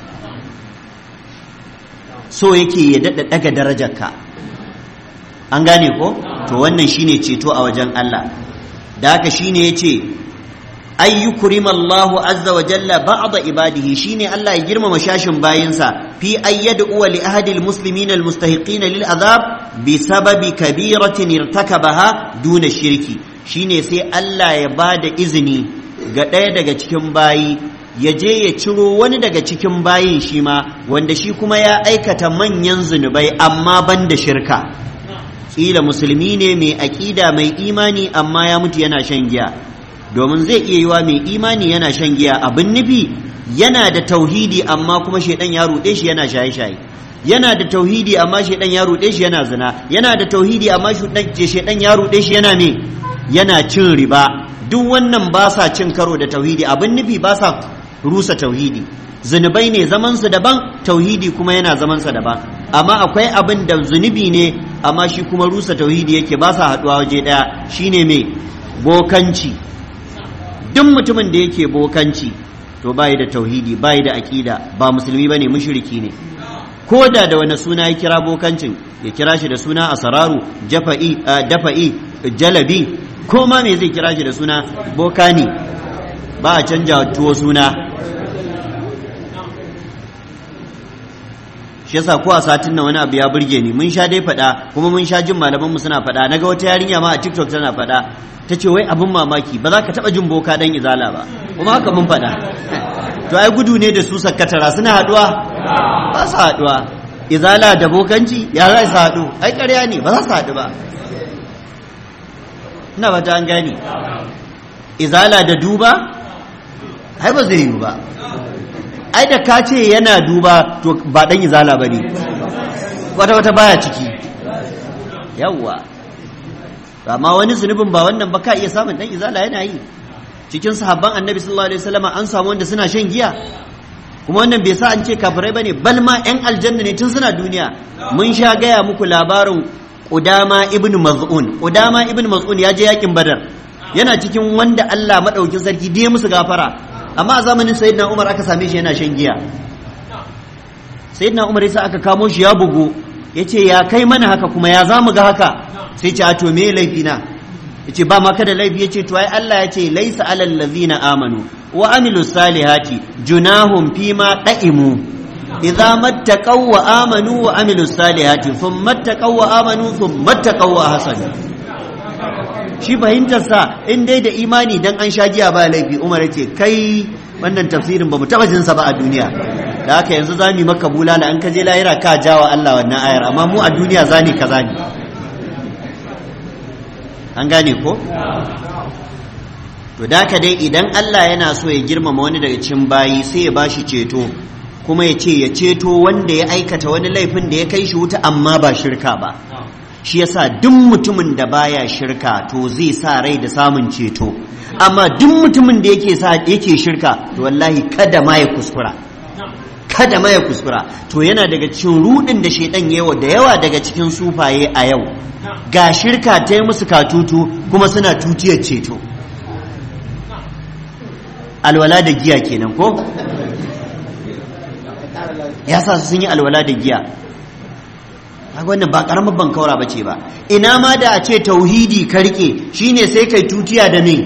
so yake ya daɗa ɗaga darajarka an gane ko to wannan shine ceto a wajen Allah da haka shine ya ce ay azza wa jalla ba'da ibadihi shine Allah ya girmama shashin bayinsa fi ayyadu wa li ahadi almuslimina almustahiqina lil azab bi sababi kabiratin irtakabaha duna shirki shine sai Allah ya bada izini ga ɗaya daga cikin bayi ya je ya ciro wani daga cikin bayin shi ma wanda shi kuma ya aikata manyan zunubai amma ban da shirka ƙila musulmi ne mai aƙida mai imani amma ya mutu yana shan giya domin zai iya yiwa mai imani yana shan giya abin nufi yana da tauhidi amma kuma shaidan ya ruɗe shi yana shaye-shaye yana da tauhidi amma shaidan ya ruɗe shi yana zina yana da tauhidi amma shaidan ya ruɗe shi yana me yana cin riba duk wannan ba sa cin karo da tauhidi abin nufi ba sa rusa tauhidi zunubai ne zaman daban tauhidi kuma yana zamansa daban amma akwai abin da zunubi ne amma shi kuma rusa tauhidi yake ba sa haduwa waje daya ne mai bokanci duk mutumin da yake bokanci to bai da tauhidi bai da aƙida, ba musulmi bane mushriki ne ko da da wani suna ya kira bokancin ya kira shi da suna asararu jafa'i dafa'i jalabi ko ma me zai kira shi da suna boka ne ba a canja tuwo suna shi yasa ko a satin nan wani abu ya burge ni mun sha dai faɗa kuma mun sha jin malaman mu suna faɗa naga wata yarinya ma a TikTok tana faɗa ta ce wai abin mamaki ba za ka taɓa jin boka dan izala ba kuma haka mun faɗa to ai gudu ne da su sakkatara suna haɗuwa ba su haɗuwa izala da bokanci ya za su haɗu ai ƙarya ne ba za su haɗu ba ina ba ta an gani izala da duba ai ba zai yi ba ai da ka ce yana duba to ba dan izala ba ne wata wata baya ciki yawwa amma wani zunubin ba wannan ba ka iya samun dan izala yana yi cikin sahabban annabi sallallahu alaihi wasallam an samu wanda suna shan giya kuma wannan bai sa an ce kafirai bane bal ma yan aljanna ne tun suna duniya mun sha gaya muku labarin Udama ibn Maz'un Udama ibn Maz'un ya je yakin Badar yana cikin wanda Allah madaukin sarki da ya musu gafara amma a zamanin Sayyidina Umar aka same shi yana shan giya Sayyidina Umar yasa aka kamo shi ya bugu yace ya kai mana haka kuma ya zamu ga haka sai ce a to me laifi na yace ba ma kada laifi yace to ai Allah yace laisa alal ladzina amanu wa amilus salihati junahum fima da'imu idza متقوا wa amanu wa ثم متقوا thumma ثم متقوا amanu thumma mattaqaw wa shi fahimtar sa in dai da imani don an sha giya ba laifi Umar yace kai wannan tafsirin mu taba jin sa ba a duniya da haka yanzu zami maka bulala an ka je lahira ka jawa Allah wannan ayar amma mu a duniya zani ka zani an gane ko to da ka dai idan Allah yana so ya girmama wani daga cikin bayi sai ya bashi ceto kuma ya ce ya ceto wanda ya aikata wani laifin da ya kai shi wuta amma ba shirka ba shi ya sa duk mutumin da baya shirka to zai sa rai da samun ceto amma duk mutumin da yake sa yake shirka to wallahi kada ma ya kuskura kada ma ya kuskura to yana daga cikin rudin da shaiɗan yawa da yawa daga cikin sufaye a yau ga shirka ta yi musu katutu kuma suna tutiyar ceto alwala da giya kenan ko ya sa sun yi alwala da giya a wannan ba karamar bankaura ce ba ina ma da a ce tauhidi ka rike shine sai kai tutiya da mai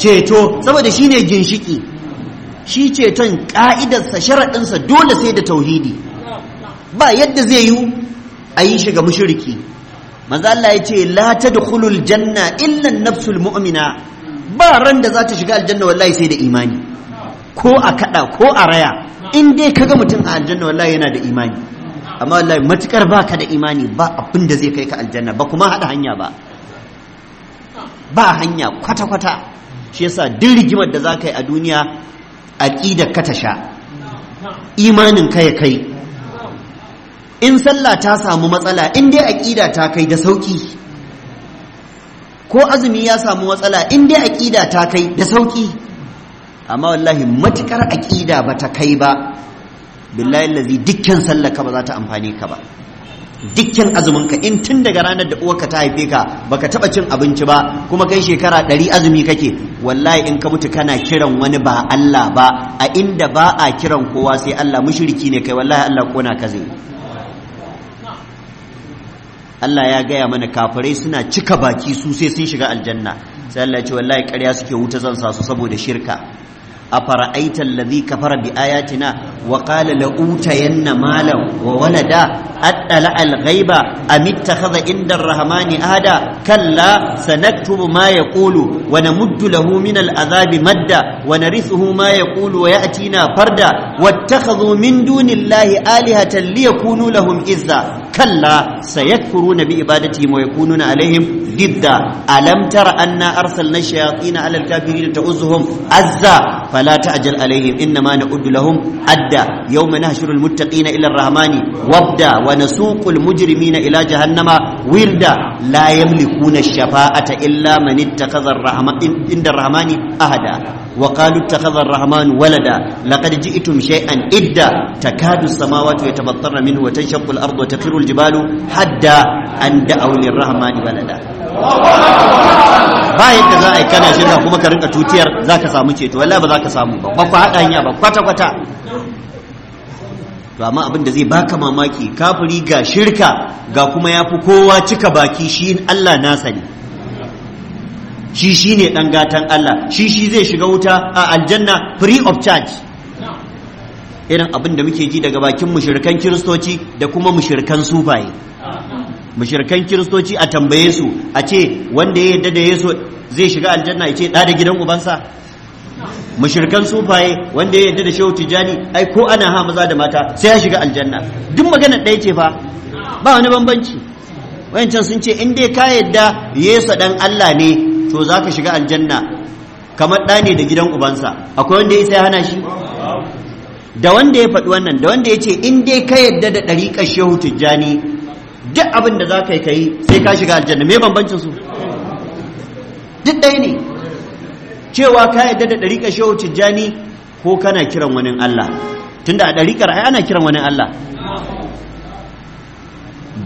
ceto saboda shine ginshiki shi ceton ka'idarsa sharaɗinsa dole sai da tauhidi ba yadda zai yi a yi shiga mushriki Mazala ya ce la tadkhulul janna illan nafsul mu'mina ba ran da za ta shiga aljanna wallahi sai da imani ko a kaɗa ko a raya in dai ka ga mutum a aljanna wallahi yana da imani amma wallahi matukar baka da imani ba abin da zai kai ka aljanna ba kuma haɗa hanya ba ba hanya kwata kwata shi yasa duk rigimar da za ka yi a duniya ƙida ka ta sha imanin ka ya kai in sallah ta samu matsala in dai aqida ta kai da sauki ko azumi ya samu matsala in dai aqida ta kai da sauki amma wallahi matukar aƙida ba ta kai ba billahi lazi dukkan sallaka ba za ta amfane ka ba dukkan azuminka in tun daga ranar da uwarka ta haife ka baka taba cin abinci ba kuma kai shekara ɗari azumi kake wallahi in ka mutu kana kiran wani ba Allah ba a inda ba a kiran kowa sai Allah mushriki ne kai wallahi Allah kona ka zai Allah ya gaya mana kafirai suna cika baki su sai sun shiga aljanna sai Allah ya ce wallahi ƙarya suke wuta zan sa su saboda shirka أفرأيت الذي كفر بآياتنا وقال لأوتين مالا وولدا أطلع الغيب أم اتخذ عند الرحمن أهدا كلا سنكتب ما يقول ونمد له من العذاب مدا ونرثه ما يقول ويأتينا فردا واتخذوا من دون الله آلهة ليكونوا لهم إذا kalla sayakfuru na bi ibadati mai kunu na alaihim didda alam tara an na arsal na shayafi na alal kafiri da ta'uzuhum azza fala ta'jal alaihim inna ma na'uddu lahum adda yawma nahshuru almuttaqina ila arrahmani wabda wa nasuqul na ila jahannama wirda la yamlikuna shafa'ata illa man ittakhadha arrahman inda arrahmani ahada وقالوا اتخذ الرحمن ولدا لقد جئتم شيئا إدا تكاد السماوات يتبطرن منه وتنشق الأرض وتخر الجبال حتى أن دعوا للرحمن ولدا bayan da za a yi kana shirka kuma ka rinka tutiyar za ka samu ceto wala ba za ka samu ba ba ku haɗa hanya ba kwata-kwata to amma abin da zai baka mamaki kafiri ga shirka ga kuma ya fi kowa cika baki shi Allah nasa ne shi shi ne ɗan gatan Allah shi shi zai shiga wuta a aljanna free of charge irin abin da muke ji daga bakin mushirkan kiristoci da kuma mushirkan sufaye mushirkan kiristoci a tambaye su a ce wanda ya yarda da yesu zai shiga aljanna ya ce ɗa da gidan ubansa mushirkan sufaye wanda ya yarda da shehu tijjani ai ko ana ha maza da mata sai ya shiga aljanna duk magana ɗaya ce fa ba wani bambanci wayancan sun ce in dai ka yarda yesu dan Allah ne to za ka shiga aljanna kamar ɗa ne da gidan ubansa akwai wanda ya sai hana shi da wanda ya faɗi wannan da wanda ya ce in dai ka yadda da ɗariƙar shehu tijjani duk abin da za ka yi ka yi sai ka shiga aljanna me bambancin su duk ɗaya ne cewa ka yadda da ɗariƙar shehu tijjani ko kana kiran wani Allah tunda a ɗariƙar ai ana kiran wani Allah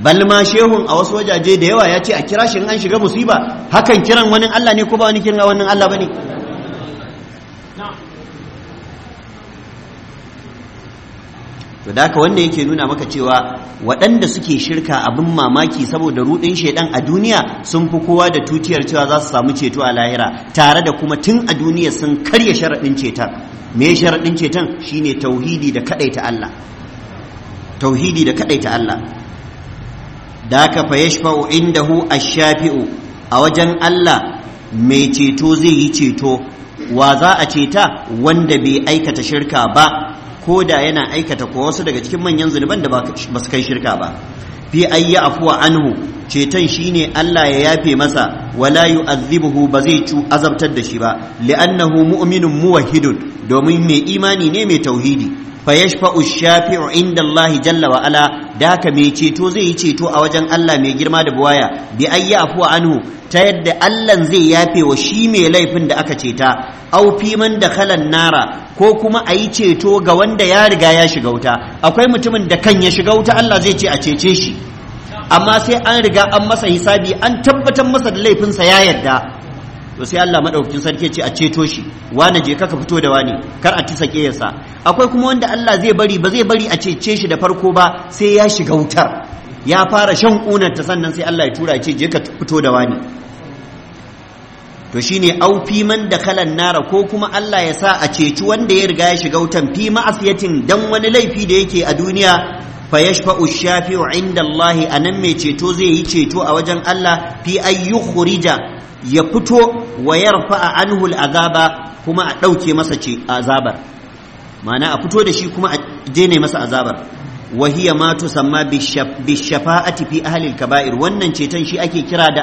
bal ma shehun a wasu wajaje da yawa ya ce a kira shi in an shiga musiba hakan kiran wani Allah ne ko ba wani kiran wani Allah ne to da haka wanda yake nuna maka cewa waɗanda suke shirka abin mamaki saboda rudin shaidan a duniya sun fi kowa da tutiyar cewa za su samu ceto a lahira tare da kuma tun a duniya sun karya sharaɗin ceton me sharaɗin ceton shine tauhidi da kaɗaita Allah da kaɗaita Allah da haka fa yashfa'u indahu ash-shafi'u a wajen Allah mai ceto zai yi ceto wa za a ceta wanda bai aikata shirka ba ko da yana aikata ko wasu daga cikin manyan zunuban da ba su kai shirka ba fi ayya afuwa anhu ceton shine Allah ya yafe masa wala yu'azzibuhu ba zai cu azabtar da shi ba li'annahu mu'minun muwahhidun domin mai imani ne mai tauhidi fa yashfa'u shafi'u inda Allah jalla wa ala da haka mai ceto zai yi ceto a wajen Allah mai girma da buwaya bi ayya afuwa anhu ta yadda Allah zai yafe wa shi mai laifin da aka ceta au fi man dakhalan nara ko kuma a yi ceto ga wanda ya riga ya shiga wuta akwai mutumin da kan ya shiga wuta Allah zai ce a cece shi amma sai an riga an masa hisabi an tabbatar masa da laifinsa ya yarda to sai Allah madaukakin sarki ce a ceto shi wani je ka fito da wani kar a ci sake yasa akwai kuma wanda Allah zai bari ba zai bari a cece shi da farko ba sai ya shiga wutar ya fara shan kunar ta sannan sai Allah ya tura ce je ka fito da wani to shine au fi man da kalan nara ko kuma Allah ya sa a ceci wanda ya riga ya shiga wutan fi ma'asiyatin dan wani laifi da yake a duniya fa yashfa'u shafi'u inda Allah anan mai ceto zai yi ceto a wajen Allah fi ay ya fito wa a anhul azaba kuma a ɗauke masa ce azabar ma'ana a fito da shi kuma a jene masa azabar wahiya hiya ma sama bi shafa'ati fi ahli kabair wannan ceton shi ake kira da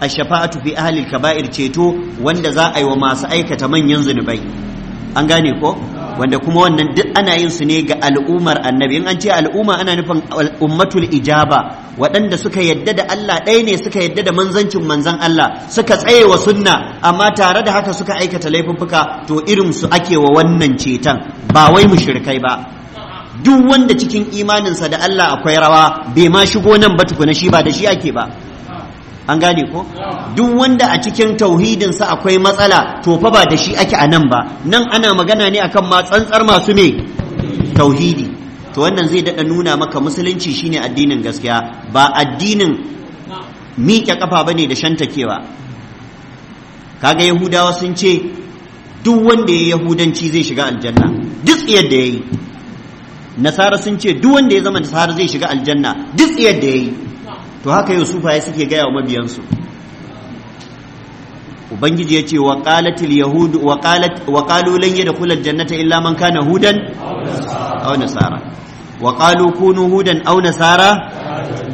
a shafa'atu fi ahli kabair ceto wanda za a yi wa masu aikata manyan zunubai an gane ko wanda kuma wannan duk ana yin su ne ga al'ummar annabi in an ce al'umma ana nufin ummatul ijaba waɗanda suka yadda da Allah ɗaya ne suka yadda da manzancin manzan Allah suka tsaye wa sunna amma tare da haka suka aikata laifuffuka to irin su ake wa wannan ceton ba wai mushrikai ba duk wanda cikin imaninsa da Allah akwai rawa bai ma shigo nan ba tukuna shi ba da shi ake ba an gane ko duk wanda a cikin tauhidin sa akwai matsala to fa ba da shi ake a nan ba nan ana magana ne akan ma tsantsar masu ne? tauhidi to wannan zai daɗa nuna maka musulunci shine addinin gaskiya ba addinin miƙe ƙafa ba ne da shantakewa kaga yahudawa sun ce duk wanda ya yahudanci zai shiga aljanna duk yadda ya yi nasara sun ce duk wanda ya zama nasara zai shiga aljanna duk yadda ya yi to haka Yusufa ya suke gaya wa mabiyansu ubangiji ya ce wa qalatil yahud da qalat jannata illa man kana hudan Auna nasara wa kunu hudan aw nasara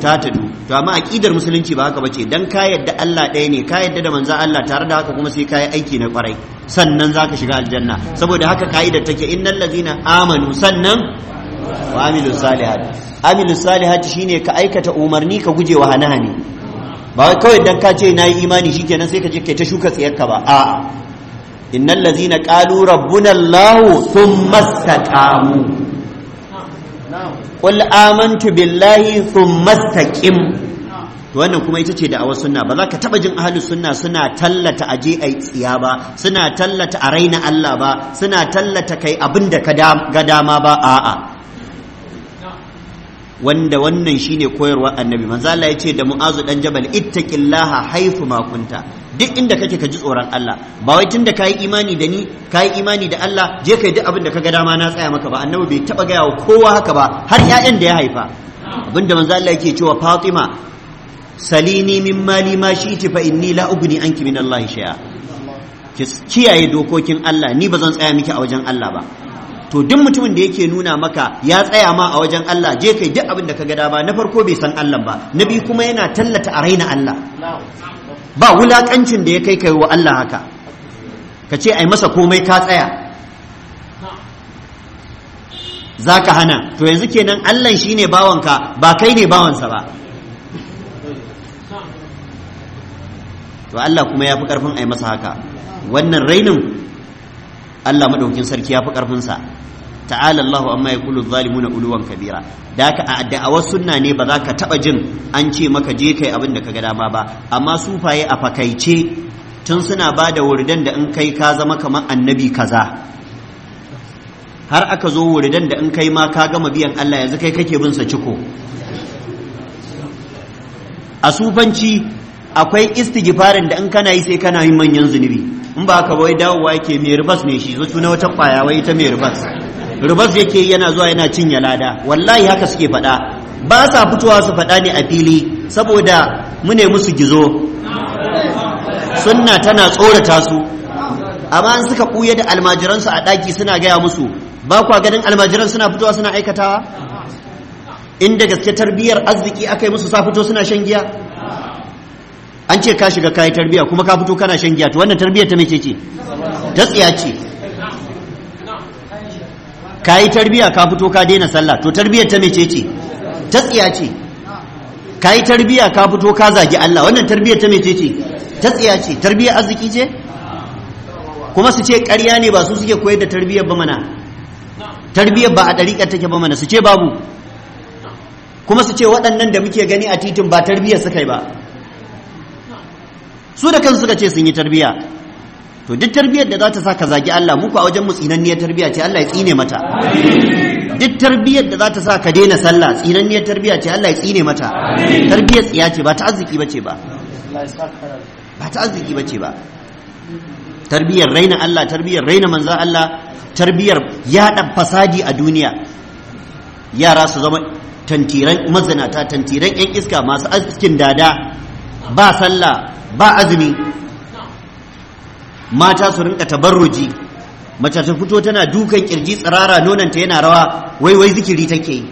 tatadu to amma aqidar musulunci ba haka bace dan ka yadda Allah ɗaya ne ka yadda da manzon Allah tare da haka kuma sai yi aiki na kwarai sannan zaka shiga aljanna saboda haka kaidar take innal ladzina amanu sannan wa amilu salihat amilu salihat shine ka aikata umarni ka guje wa hanani ba kawai dan ka ce nayi imani shikenan sai ka je kai ta shuka tsiyarka ba a'a innal ladzina qalu rabbuna allah thumma istaqamu qul amantu billahi thumma istaqim wannan kuma ita ce da awu sunna ba za ka taba jin ahlus sunna suna tallata aje ai tsiya ba suna tallata a raina Allah ba suna tallata kai abinda ka ga dama ba a'a wanda wannan shine koyarwa annabi manzo Allah ya ce da mu'azu dan jabal ittaqillaha haythu ma kunta duk inda kake ka ji tsoron Allah ba wai tunda kai imani da ni kayi imani da Allah je kai duk abin da kaga dama na tsaya maka ba annabi bai taba gaya wa kowa haka ba har 'ya'yan da ya haifa abinda manzo Allah yake cewa Fatima salini min mali ma shi'ti fa inni la ugni anki min Allah shay'a kiyaye dokokin Allah ni bazan tsaya miki a wajen Allah ba to duk mutumin da yake nuna maka ya tsaya ma a wajen Allah je kai duk abin da ka ga dama na farko bai san Allah ba na biyu kuma yana tallata a raina Allah ba wulakancin da ya kai kai wa Allah haka ka ce ai masa komai ka tsaya zaka hana to yanzu kenan allan shi ne bawanka ba kai ne bawansa ba to allah kuma ya fi karfin ai masa haka wannan rainin Allah madaukin sarki yafi karfin sa ta'ala Allahu amma yaqulu zalimuna uluwan kabira da ka a da'awa sunna ne ba za ka taba jin an ce maka je kai abin da kaga dama ba amma sufaye a fakaice tun suna ba da wuridan da in kai ka zama kamar annabi kaza har aka zo wuridan da in kai ma ka gama biyan Allah yanzu kai kake bin sa ciko a sufanci akwai istighfarin da in kana yi sai kana yin manyan zunubi in ba ka bai dawowa yake mai ribas ne shi zuci na wata kwaya wai ita mai ribas ribas yake yana zuwa yana cinye lada wallahi haka suke faɗa ba sa fitowa su faɗa ne a fili saboda mu ne musu gizo sunna tana tsorata su amma in suka ɓuya da almajiransu a ɗaki suna gaya musu ba kwa ganin almajiran suna fitowa suna aikatawa inda gaske tarbiyyar arziki aka musu sa fito suna shan giya an ce ka shiga kayi tarbiya kuma ka fito kana shan giya to wannan tarbiyyar ta mece ce ta tsiya ce kayi tarbiya ka fito ka daina sallah to tarbiyyar ta mece ce ta tsiya ce kayi tarbiya ka fito ka zagi Allah wannan tarbiyyar ta mece ce ta tsiya ce Tarbiyyar arziki ce kuma su ce ƙarya ne ba su suke koyar da tarbiyyar ba mana tarbiyyar ba a ɗariƙar take ba mana su ce babu kuma su ce waɗannan da muke gani a titin ba tarbiyyar suka yi ba su da kansu suka ce sun yi tarbiya to duk tarbiyar da za ta sa ka zagi Allah muku a wajen mu tsinanniyar tarbiya ce Allah ya tsine mata duk tarbiyar da za ta sa ka daina sallah tsinanniyar tarbiya ce Allah ya tsine mata tarbiyar tsiya ce ba ta arziki bace ba ba ta arziki bace ba tarbiyar raina Allah tarbiyar raina manzan Allah tarbiyar yaɗa fasadi a duniya yara su zama tantiran mazinata tantiran yan iska masu askin dada ba sallah ba azumi mata su rinka tabarruji mace ta fito tana dukan kirji tsirara nonanta yana rawa wai wai zikiri take yi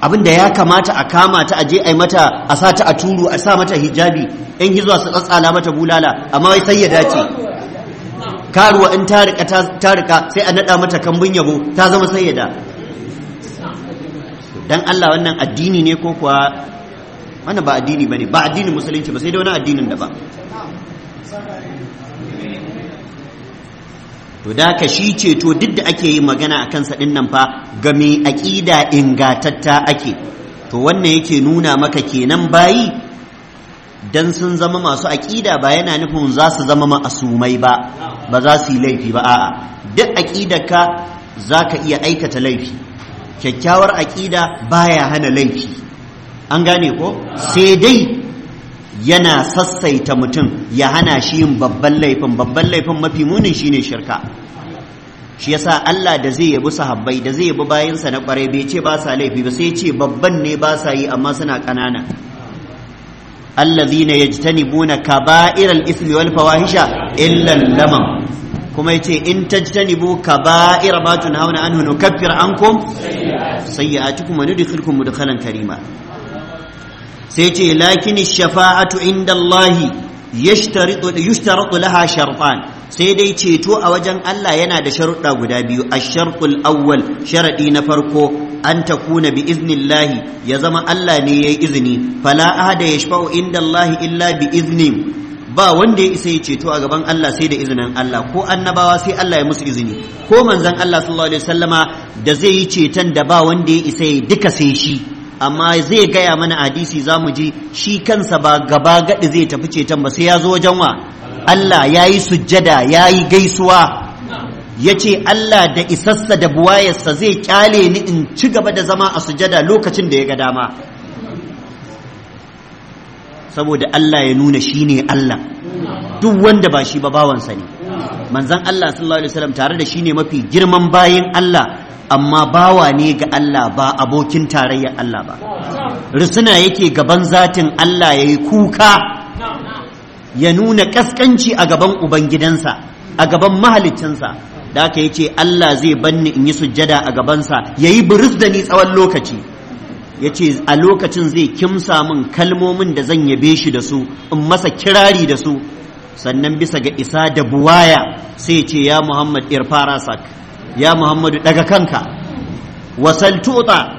abin da ya kamata a kama ta aje ai mata a sa ta a turu a sa mata hijabi in gizo su tsatsala mata bulala amma wai sai ya dace karuwa in ta tarika sai a nada mata kambun yabo ta zama sayyada dan Allah wannan addini ne ko kuwa wannan ba addini bane ba addinin musulunci ba sai da wani addinin da ba to da ka shi ceto duk da ake yi magana a kansa ɗin nan fa ga mai aƙida ingatatta ake to wannan yake nuna maka kenan bayi dan sun zama masu aƙida ba yana nufin za su zama ma'asumai ba ba za su yi laifi ba a'a duk aƙidarka za ka iya aikata laifi kyakkyawar aƙida baya hana laifi an gane ko sai dai yana sassaita mutum ya hana shi yin babban laifin babban laifin mafi munin shine shirka shi yasa Allah da zai yabi sahabbai da zai yabi bayansa na kwarai bai ce ba sa laifi ba sai ce babban ne ba sa yi amma suna ƙanana allazina yajtanibuna kaba'iral ismi wal fawahisha illa lamam kuma yace in tajtanibu kaba'ir ma tunhauna anhu nukaffir ankum sayyi'atukum wa nudkhilukum mudkhalan karima sai ce lakin shafa'atu inda Allah yushtaratu laha shartan sai dai ceto a wajen Allah yana da sharuɗa guda biyu ash-shartul awwal sharaɗi na farko an takuna bi iznillahi ya zama Allah ne yayi izini fala ahada yashfa'u inda Allah illa bi iznin ba wanda ya isa ya ceto a gaban Allah sai da izinin Allah ko annabawa sai Allah ya musu izini ko manzon Allah sallallahu alaihi wasallama da zai yi ceton da ba wanda ya isa ya duka sai shi amma zai gaya mana hadisi za mu ji shi kansa ba gaba gaɗi zai tafi ceton ba sai ya zo wajen wa Allah ya yi sujjada ya yi gaisuwa ya ce Allah da isassa da buwayarsa zai kyale ni in ci gaba da zama a sujjada lokacin da ya ga dama saboda Allah ya nuna shi ne Allah duk wanda ba shi ba bawansa ne manzan Allah sallallahu alaihi tare da shi ne mafi girman bayan Allah amma bawa ne ga Allah ba abokin tarayyar Allah ba risuna yake gaban zatin Allah ya yi kuka ya nuna ƙasƙanci a gaban ubangidansa a gaban mahalicinsa da aka yi ce Allah zai banni in yi sujjada a gabansa ya yi buris da ni tsawon lokaci ya ce a lokacin zai kimsa min kalmomin da zan yabe shi da su in masa kirari da su sannan bisa ga isa da buwaya sai ce ya muhammad sak ya muhammadu daga kanka wasal tuta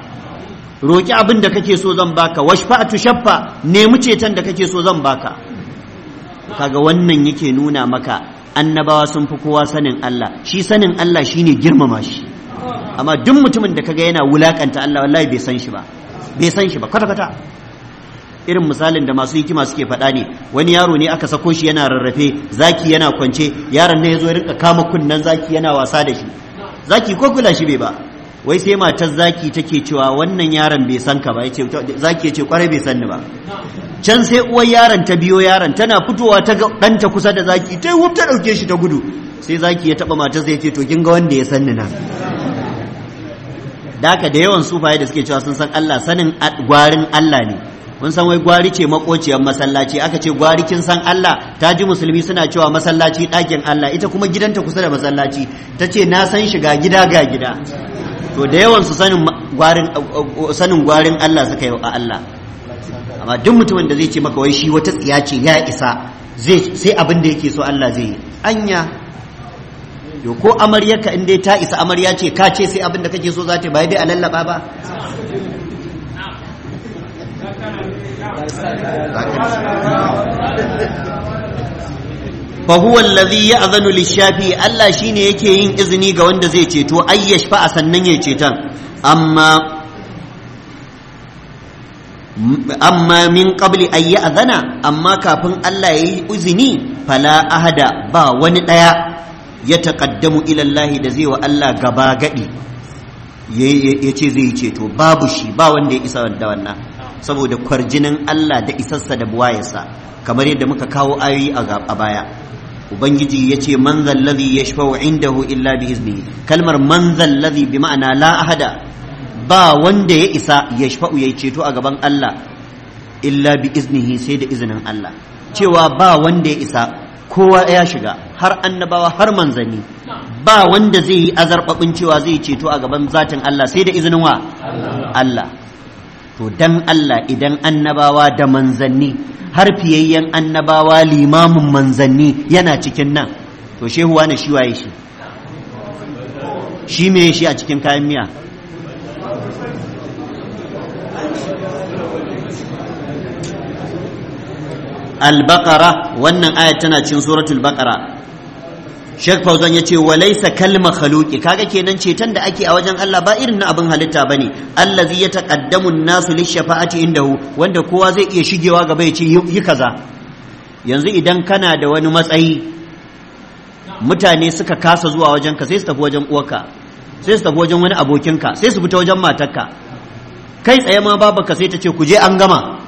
roki abin da kake so zan baka tu shaffa nemi ceton da kake so zan baka kaga wannan yake nuna maka annabawa sun fi kowa sanin Allah shi sanin Allah shi shine girmama shi amma duk mutumin da kaga yana wulakanta Allah wallahi bai san shi ba bai san shi ba kwata kwata irin misalin da masu hikima suke faɗa ne wani yaro ne aka sako shi yana rarrafe zaki yana kwance yaron ne ya zo ya rinka kama kunnen zaki yana wasa da shi zaki ko kula shi bai ba wai sai matar zaki take cewa wannan yaron bai san ka ba yace zaki yace kware bai san ni ba can sai uwar yaron ta biyo yaron tana fitowa ta ga danta kusa da zaki ta wuf ta dauke shi ta gudu sai zaki ya taba matar zai ce to kin ga wanda ya san ni na da da yawan sufaye da suke cewa sun san Allah sanin gwarin Allah ne mun san wai gwari ce makociyar masallaci aka ce gwari kin san Allah ta ji musulmi suna cewa masallaci ɗakin Allah ita kuma gidanta kusa da masallaci ta ce na san shiga gida ga gida to da yawan su sanin gwarin sanin gwarin Allah suka yi a Allah amma duk mutumin da zai ce maka wai shi wata tsiya ce ya isa zai sai abin da yake so Allah zai yi anya to ko amaryarka in dai ta isa amarya ce ka ce sai abin da kake so za ta bai dai a lallaba ba fa huwa allazi ya'zanu lishafi Allah shine yake yin izini ga wanda zai ceto ayyash yashfa sannan ya ceton, amma amma min qabli ay azana, amma kafin Allah ya yi izini fala ahada ba wani ɗaya ya taqaddamu ila da zai wa Allah gaba gadi yace zai ceto babu shi ba wanda ya isa da wannan saboda kwarjinin Allah da isarsa da buwayarsa kamar yadda muka kawo ayoyi a baya ubangiji ya ce man zallazi ya shafa indahu illa bi iznihi kalmar man zallazi bi ma'ana la ahada ba wanda ya isa ya shafa ya ceto a gaban Allah illa bi iznihi sai da izinin Allah cewa ba wanda ya isa kowa ya shiga har annabawa har manzanni ba wanda zai yi azarbabin cewa zai ceto a gaban zatin Allah sai da izinin wa Allah to dan Allah idan annabawa da manzanni har fiyayyen annabawa limamin manzanni yana cikin nan to shehu wani shi waye shi shi me shi a cikin kayan miya al-baqara wannan aya tana cikin suratul baqara Sheikh Fauzan ya ce wa laisa kalma khaluqi kaga kenan ceton da ake a wajen Allah ba irin na abin halitta bane allazi ya taƙaddamu nasu lish-shafa'ati indahu wanda kowa zai iya shigewa gaba ya ce yi kaza yanzu idan kana da wani matsayi mutane suka kasa zuwa wajen ka sai su tafi wajen uwarka sai su tafi wajen wani abokinka sai su fita wajen matarka kai tsaye ma babarka sai ta ce ku je an gama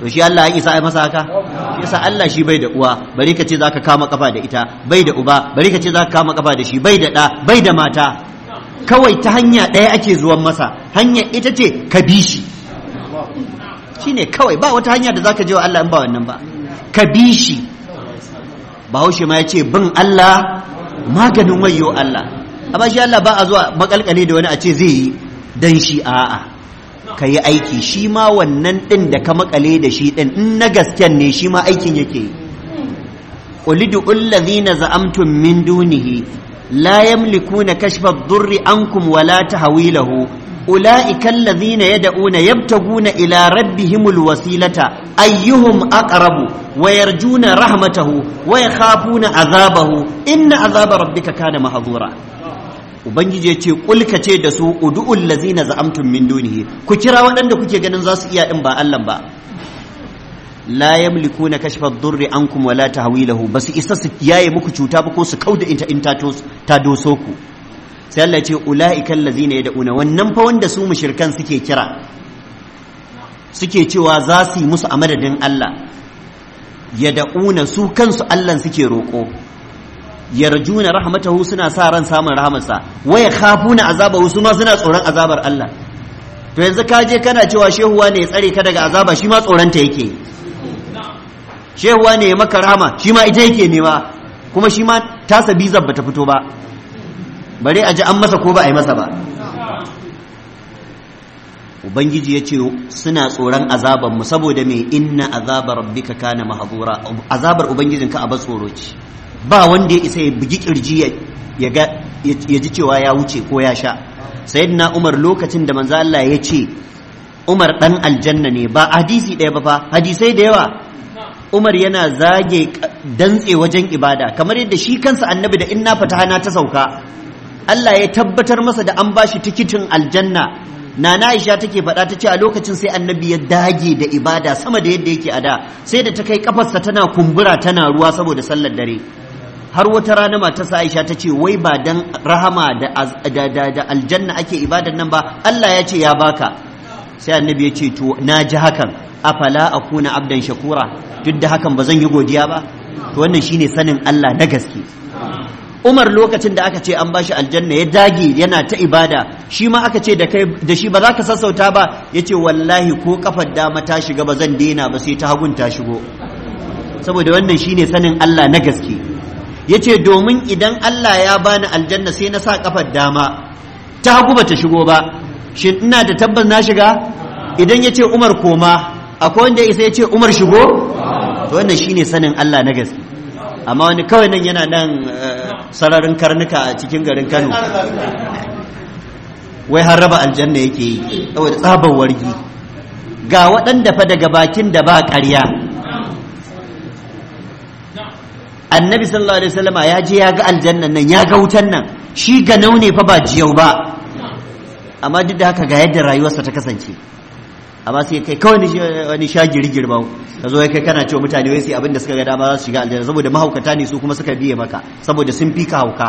to shi Allah ya isa ai masa haka yasa Allah shi bai da uwa bari ka ce zaka kama kafa da ita bai da uba bari ka ce zaka kama kafa da shi bai da da bai da mata kawai ta hanya ɗaya ake zuwan masa hanya ita ce ka bi shi shine kawai ba wata hanya da zaka je wa Allah in ba wannan ba ka bi shi bahaushe ma ya ce bin Allah maganin wayo Allah amma shi Allah ba a zuwa makalkale da wani a ce zai yi dan shi a'a ka yi aiki shi ma wannan ɗin da ka makale da shi ɗin in na gasken ne shi ma aikin yake yi ulidu ullazina za'amtum min dunihi la yamlikuna kashfa ad-durri ankum wala tahwilahu أولئك الذين يدعون يبتغون إلى ربهم الوسيلة أيهم أقرب ويرجون رحمته ويخافون azabahu inna عذاب ربك كان محظورا ubangiji ya ce kulka ce da su udu'ul lazina za'amtum min dunihi ku kira waɗanda kuke ganin za su iya din ba Allah ba la yamlikuna kashfa ad-durri ankum wala tahwilahu bas isa su yaye muku cuta ba ko su kauda inta in ta doso ku sai Allah ya ce ulaiikal lazina yad'una wannan fa wanda su mushrikan suke kira suke cewa za su yi musu a madadin Allah yad'una su kansu Allah suke roƙo yarjuna rahmatahu suna sa ran samun rahamarsa waya khafuna azabahu su ma suna tsoron azabar Allah to yanzu ka je kana cewa shehuwa ne ya tsare ka daga azaba shi ma tsoronta yake shehuwa ne ya maka rahama shi ma ita yake nema kuma shi ma tasa bizar bata fito ba bare a ji an masa ko ba a yi masa ba ubangiji ya ce suna tsoron azabar mu saboda mai inna azabar rabbika kana mahdura azabar ubangijinka a bar tsoroci. ba wanda ya isa ya bugi kirji ya ji cewa ya wuce ko ya sha sayyidina umar lokacin da manzo Allah ya ce umar dan aljanna ne ba hadisi ɗaya ba fa hadisai da yawa umar yana zage dantse wajen ibada kamar yadda shi kansa annabi da inna fatahana ta sauka Allah ya tabbatar masa da an bashi tikitin aljanna nana aisha take faɗa ta ce a lokacin sai annabi ya dage da ibada sama da yadda yake a da sai da ta kai kafarsa tana kumbura tana ruwa saboda sallar dare har wata rana matarsa Aisha ta ce wai ba dan rahama da aljanna ake ibadan nan ba Allah ya ce ya baka sai annabi ya ce to na ji hakan afala akuna abdan shakura duk da hakan ba zan yi godiya ba to wannan shine sanin Allah na gaske Umar lokacin da aka ce an bashi aljanna ya dage yana ta ibada shi ma aka ce da kai da shi ba za ka sassauta ba Ya ce wallahi ko kafar dama ta shiga ba zan daina ba sai ta hagun ta shigo saboda wannan shine sanin Allah na gaske yace domin idan Allah ya bani aljanna sai na sa kafar dama ta hagu ta shigo ba shin ina da tabbas na shiga idan yace Umar koma akwai wanda isa yace Umar shigo to wannan shine sanin Allah na gaske amma wani kawai nan yana nan eh, sararin karnuka a cikin garin Kano wai har raba aljanna yake yi saboda tsabar wargi ga waɗanda fa daga bakin da ba ƙarya annabi sallallahu alaihi wasallama ya je ya ga aljannan nan ya ga wutan nan shi ga ne fa ba jiyau ba amma duk da haka ga yadda rayuwarsa ta kasance amma sai kai kawai wani sha girgirma ka zo kai kana cewa mutane wai sai abinda suka ga dama za su shiga aljanna saboda mahaukata ne su kuma suka biye maka saboda sun fi ka hauka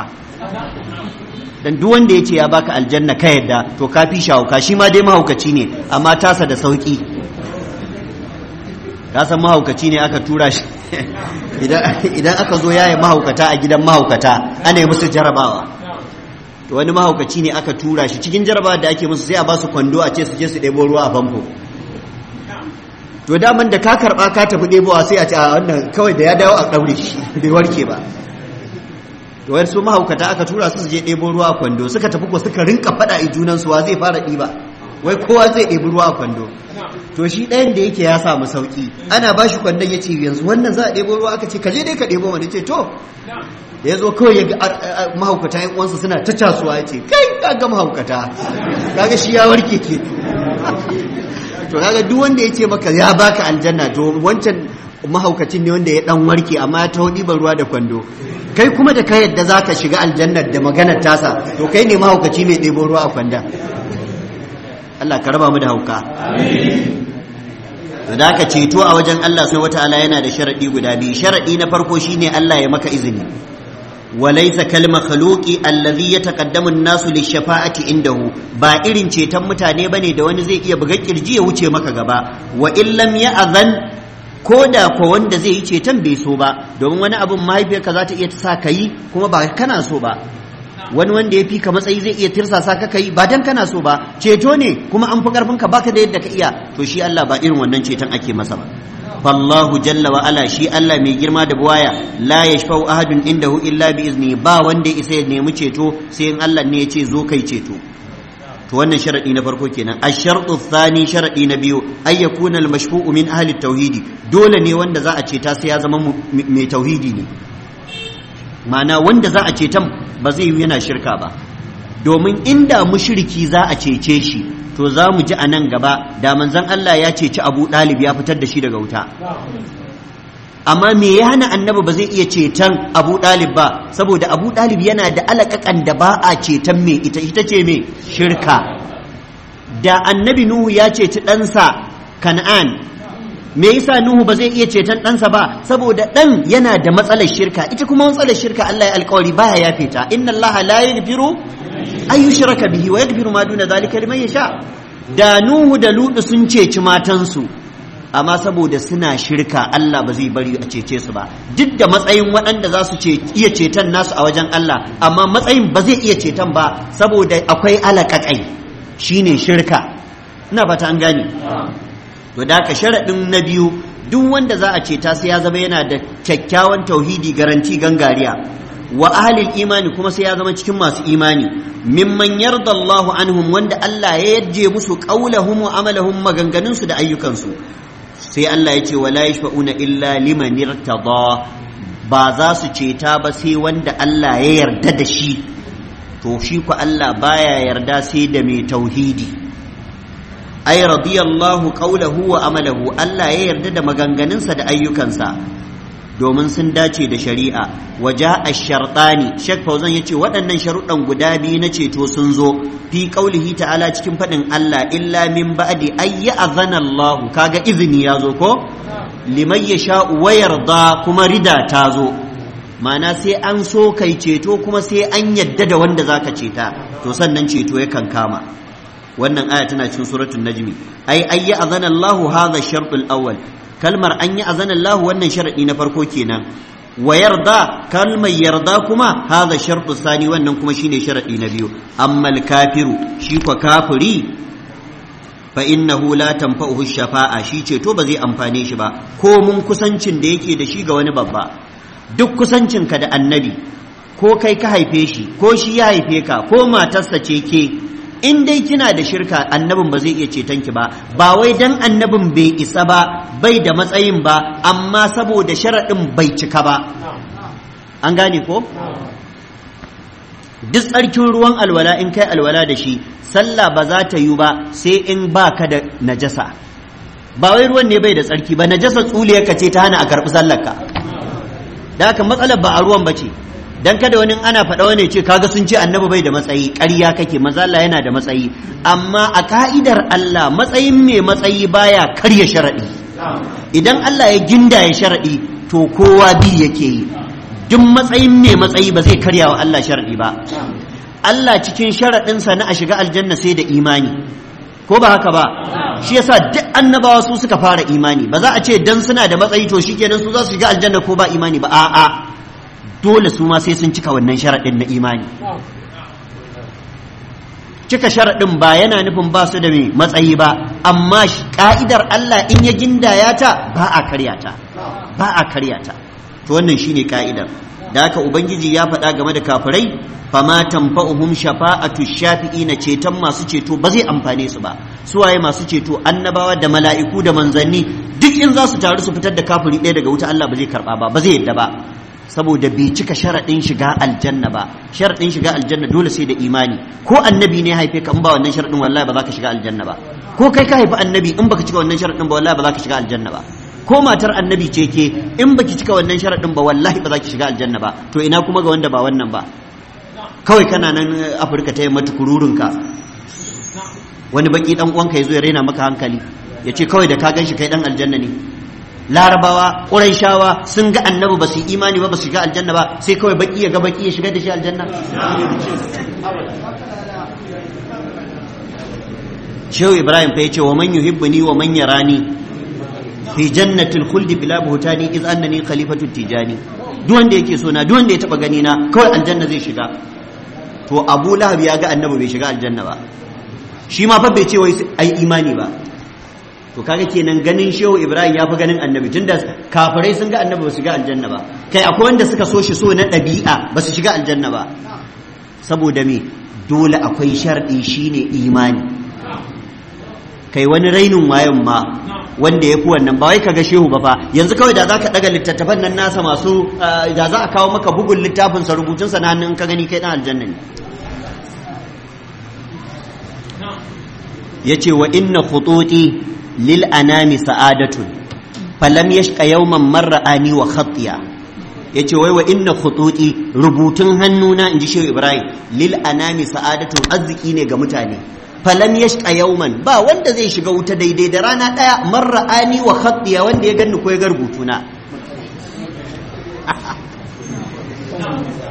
dan duk wanda yace ya baka aljanna ka yadda to ka fi shi hauka shi ma dai mahaukaci ne amma tasa da sauki ka san mahaukaci ne aka tura shi idan aka zo yaye mahaukata a gidan mahaukata ana yi musu jarabawa to wani mahaukaci ne aka tura shi cikin jarabawa da ake musu sai a ba su kwando a ce su je su ɗebo ruwa a famfo to daman da ka karɓa ka tafi ɗebowa sai a ce a wannan kawai da ya dawo a ɗaure shi bai warke ba to wani su mahaukata aka tura su su je ɗebo ruwa a kwando suka tafi ko suka rinka faɗa a junansu wa zai fara ɗiba wai kowa zai ɗebi ruwa a kwando to shi ɗayan da yake ya samu sauƙi ana ba shi kwandon ya ce yanzu wannan za a ɗebo ruwa aka ce ka dai ka ɗebo wani ce to da ya zo kawai ya ga mahaukata yan uwansa suna ta casuwa ya ce kai ka ga mahaukata ga shi ya warke ke to ga duk wanda ya ce maka ya baka aljanna to wancan mahaukacin ne wanda ya dan warke amma ya taho ɗiban ruwa da kwando kai kuma da ka yadda ka shiga aljanna da maganar tasa to kai ne mahaukaci mai ɗebo ruwa a kwanda Allah ka raba mu da hauka amin da ka ceto a wajen Allah sai wata ala yana da sharadi guda biyu sharadi na farko shine Allah ya maka izini walaysa kal makhluqi alladhi yataqaddamu an-nasu lish-shafa'ati indahu ba irin ceton mutane bane da wani zai iya buga kirji ya wuce maka gaba wa illam ya'zan ko da ko wanda zai yi ceton bai so ba domin wani abin mahaifiyarka za ta iya ta sa ka yi kuma ba kana so ba wani wanda ya fi ka matsayi zai iya tirsasa ka kai ba dan kana so ba ceto ne kuma an fi karfin ka baka da yadda ka iya to shi Allah ba irin wannan ceton ake masa ba fallahu jalla wa ala shi Allah mai girma da buwaya la yashfa'u ahadun indahu illa bi izni ba wanda ya isa ya nemi ceto sai in Allah ne ya ce zo kai ceto to wannan sharadi na farko kenan ash thani sharadi na biyu ayyakuna yakuna al min ahli tauhidi dole ne wanda za a ceta sai ya zama mai tauhidi ne ma'ana wanda za a cetan ba zai yi yana shirka ba domin inda shirki za a cece shi to za mu ji a nan gaba da manzon Allah ya ceci Abu ɗalib ya fitar da shi daga wuta amma me ya hana annabi ba zai iya ceton Abu ɗalib ba saboda Abu ɗalib yana da alaƙaƙan da ba a ceton me ita ita ce me shirka da annabi Nuhu ya ceci ɗansa Kan'an me yasa nuhu ba zai iya ceton ɗansa ba saboda ɗan yana da matsalar shirka ita kuma matsalar shirka Allah ya ba baya yafe ta inna Allah la yaghfiru ay yushraka bihi wa yaghfiru ma duna zalika liman yasha da nuhu da ludu sun ceci matansu amma saboda suna shirka Allah ba zai bari a cece su ba duk da matsayin waɗanda za su iya ceton nasu a wajen Allah amma matsayin ba zai iya ceton ba saboda akwai alaƙaƙai shine shirka ina fata an gane to da ka sharaɗin na biyu duk wanda za a ce ta sai ya zama yana da kyakkyawan tauhidi garanti gangariya wa ahlil imani kuma sai ya zama cikin masu imani mimman yardallahu anhum wanda Allah ya yarje musu qaulahum wa amalahum maganganun su da ayyukan su sai Allah ya ce wala yashfa'una illa liman irtada ba za su ceta ba sai wanda Allah ya yarda da shi to shi ku Allah baya yarda sai da mai tauhidi ay radiyallahu qawluhu wa amalahu Allah ya yarda da maganganunsa da ayyukansa domin sun dace da shari'a waja ash-shartani Sheikh Fauzan yace waɗannan sharuɗan guda biyu na ceto sun zo fi qawlihi ta'ala cikin faɗin Allah illa min ba'di ayya azana Allah kaga izini ya zo ko liman yasha wa yarda kuma rida ta zo ma'ana sai an so kai ceto kuma sai an yadda da wanda zaka ceta to sannan ceto yakan kama wannan aya tana cikin suratul najmi ai ayya azana Allah hadha ash awwal kalmar an yi azana Allah wannan sharadi na farko kenan wa yarda kalmar yarda kuma hadha sharɗun sani wannan kuma shine sharadi na biyu amma al-kafiru shi kwa kafiri fa innahu la tanfa'uhu shafa'a shi ce to ba zai amfane shi ba ko mun kusancin da yake da shi ga wani babba duk kusancinka da annabi ko kai ka haife shi ko shi ya haife ka ko matarsa ce ke in dai kina da shirka annabin ba zai iya ceton ki ba ba wai dan annabin bai isa ba bai da matsayin ba amma saboda sharaɗin bai cika ba an gane ko duk tsarkin ruwan alwala in kai alwala da shi sallah ba za ta yi ba sai in ba ka da najasa ba wai ruwan ne bai da tsarki ba najasa tsuliyarka ce ta hana a karɓi sallarka da haka matsalar ba a ruwan ba ce dan kada wani ana faɗa wani ce kaga sun ce annabi bai da matsayi ƙarya kake manzo Allah yana da matsayi amma a ka'idar Allah matsayin mai matsayi baya karya sharadi idan Allah ya ginda ya sharadi to kowa bi yake yi duk matsayin mai matsayi ba zai karya wa Allah sharadi ba Allah cikin sharaɗinsa na a shiga aljanna sai da imani ko ba haka ba shi yasa duk annabawa su suka fara imani ba za a ce dan suna da matsayi to shikenan su za su shiga aljanna ko ba imani ba a'a dole su ma sai sun cika wannan sharaɗin na imani cika sharaɗin ba yana nufin ba su da mai matsayi ba amma ka'idar Allah in ya gindaya ta ba a karyata ba a karyata, to wannan shine ka'idar da haka ubangiji ya faɗa game da kafirai fama tanfa'uhum shafa'atu na ceton masu ceto ba zai amfane su ba suwaye masu ceto annabawa da mala'iku da manzanni duk in za su taru su fitar da kafiri ɗaya daga wuta Allah ba zai karɓa ba ba zai yadda ba saboda bai cika sharaɗin shiga aljanna ba sharaɗin shiga aljanna dole sai da imani ko annabi ne haife ka in ba wannan sharaɗin wallahi ba za ka shiga aljanna ba ko kai ka haifi annabi in baka cika wannan sharaɗin ba wallahi ba za ka shiga aljanna ba ko matar annabi ce ke in baki cika wannan sharaɗin ba wallahi ba za ki shiga aljanna ba to ina kuma ga wanda ba wannan ba kawai kana nan eh, afirka ta yamma tukururinka wani baki dan uwanka ya zo ya raina maka hankali ya ce kawai da ka gan shi kai dan aljanna ne larabawa ƙuraishawa sun ga annabi ba su yi imani ba ba su shiga aljanna ba sai kawai baki ya ga baki ya shiga da shi aljanna shehu ibrahim fa yace wa man yuhibbuni wa man yarani fi jannatil khuldi bila buhtani iz annani khalifatu tijani duk wanda yake so na duk wanda ya taba gani na kawai aljanna zai shiga to abu lahab ya ga annabi bai shiga aljanna ba shi ma fa bai ce wai ai imani ba to kaga kenan ganin shehu ibrahim ya fi ganin annabi da kafirai sun ga annabi ba su ga aljanna ba kai akwai wanda suka so shi so na ɗabi'a ba su shiga aljanna ba saboda me dole akwai sharɗi shine imani kai wani rainin wayan ma wanda ya fi wannan ba wai ka ga shehu ba fa yanzu kawai da za ka ɗaga littattafan nan nasa masu da za a kawo maka bugun littafinsa sa na hannun ka gani kai ɗan aljanna ne ya ce wa inna khututi Lilanami sa'adatun falam yashqa yawman marra ani wa khatiya yace wai wa inna khututi rubutun hannuna inji shehu ibrahim Lilanami sa'adatun arziki ne ga mutane falam yashqa yawman ba wanda zai shiga wuta daidai da rana daya marra ani wa khatiya wanda ya ganni ko ya ga na.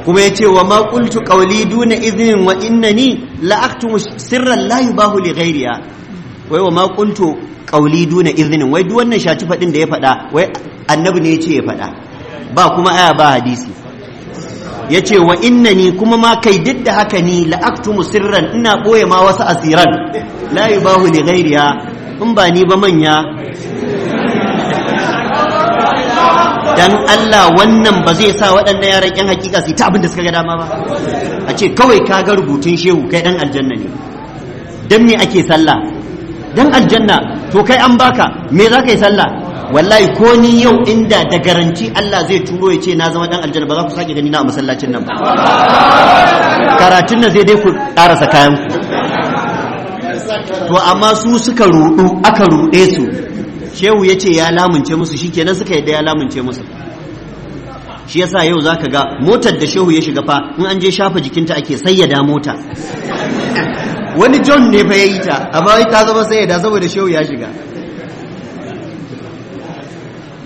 kuma ya ce wa ma qultu qawli duna idhin wa innani ni, aktumu sirran la yubahu li wai wa makunto kauli duna iznin wai duk wannan shaci fadin da ya fada wai annabi ne yace ya fada ba kuma aya ba hadisi yace wa innani kuma ma kai duk da haka ni la'aktu mu sirran ina boye ma wasu asiran la yubahu li ghairiha in ba ni ba manya dan Allah wannan ba zai sa waɗannan yaran yan hakika su ta abin da suka ga dama ba a ce kawai ka ga rubutun shehu kai dan aljanna ne dan me ake sallah dan aljanna to kai an baka me za ka yi sallah wallahi ko ni yau inda da garanti Allah zai turo ya ce na zama dan aljanna ba za ku sake gani na a masallacin nan ba karatun nan zai dai ku karasa kayan ku to amma su suka rudu aka rude su shehu ya ce ya lamunce musu shikenan suka yadda ya lamunce musu shi yasa yau zaka ga motar da shehu ya shiga fa in an je shafa jikinta ake sayyada mota wani john ne fa ya yi ta amma ta zama sai da saboda shehu ya shiga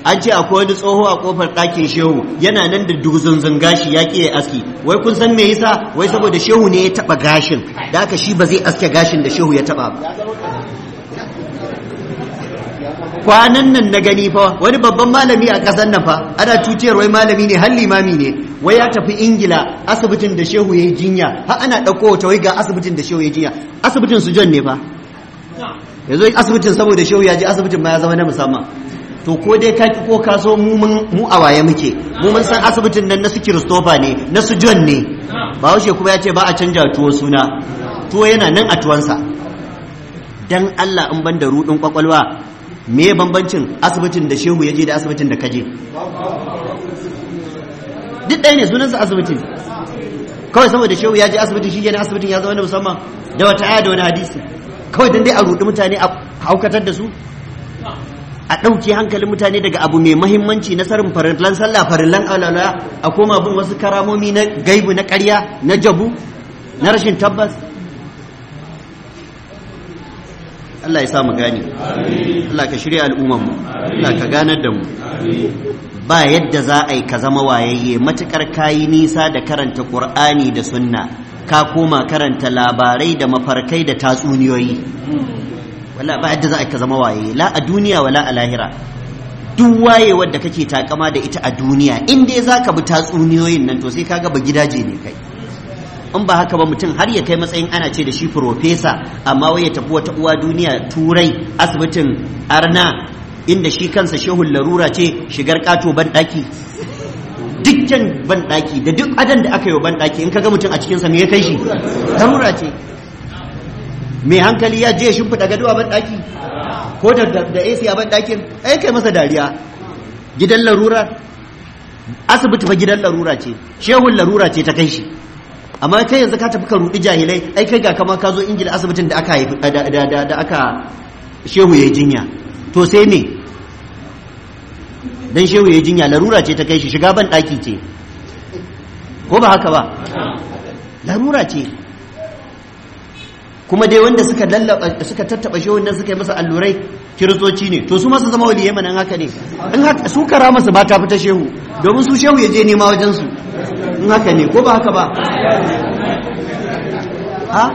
an ce akwai wani tsoho a kofar ɗakin shehu yana nan da durzunzun gashi ya ƙi aski wai kun san me yasa wai saboda shehu ne ya taɓa gashin da aka shi ba zai aske gashin da shehu ya taɓa ba kwanan nan na gani fa wani babban malami a ƙasar nan fa ana cuciyar wai malami ne har limami ne wai ya tafi ingila asibitin da shehu ya yi jinya har ana ɗauko wata wai ga asibitin da shehu ya yi jinya asibitin su john ne fa yanzu asibitin saboda shehu ya ji asibitin ma ya zama na musamman to ko dai ka ko ka so mu mu a waye muke mu mun san asibitin nan na su Christopher ne na su John ne Bahaushe kuma ya ce ba a canja tuwo suna tuwo yana nan a tuwansa dan Allah in ban da rudin kwakwalwa me bambancin asibitin da shehu ya je da asibitin da kaje duk ɗaya ne sunansa asibitin kawai saboda shehu ya je asibitin shi gani asibitin ya zama na musamman da wata aya da wani hadisi kawai don dai a rudi mutane a haukatar da su a ɗauki hankalin mutane daga abu mai mahimmanci na sarin farillan sallah farillan alala a koma bin wasu karamomi na gaibu na ƙarya na jabu na rashin tabbas Allah ya sa mu gane Allah ka shirya al'umman mu Allah ka ganar da mu ba yadda za a yi ka zama wayayye matukar kayi nisa da karanta Qur'ani da sunna ka koma karanta labarai da mafarkai da tatsuniyoyi wala ba yadda za a yi ka zama wayayye la a duniya wala a lahira duk waye da kake takama da ita a duniya in dai zaka bi tatsuniyoyin nan to sai kaga ba gidaje ne kai in ba haka ba mutum har ya kai matsayin ana ce da shi profesa amma wai ya tafi wata uwa duniya turai asibitin arna inda shi kansa shehun larura ce shigar kato ban daki dukkan ban daki da duk adan da aka yi ban daki in kaga mutum a cikin sa me ya kai shi larura ce Me hankali ya je shimfiɗa gado a ban daki ko da da AC a ban dakin ai kai masa dariya gidan larura asibiti fa gidan larura ce shehun larura ce ta kai shi amma kai yanzu ka tafi ka rudi jahilai ai kai ga kama ka zo ingila asibitin da aka haifi da shehu ya jinya to sai me dan shehu ya jinya larura ce ta kai shi shiga ban daki ce ko ba haka ba larura ce kuma dai wanda suka lallaba suka tattaba shi nan suka yi masa allurai kiristoci ne to su masu zama waliyai mana haka ne in haka su kara masa ba ta fita shehu domin su shehu ya je nema wajen su in haka ne ko ba haka ba ha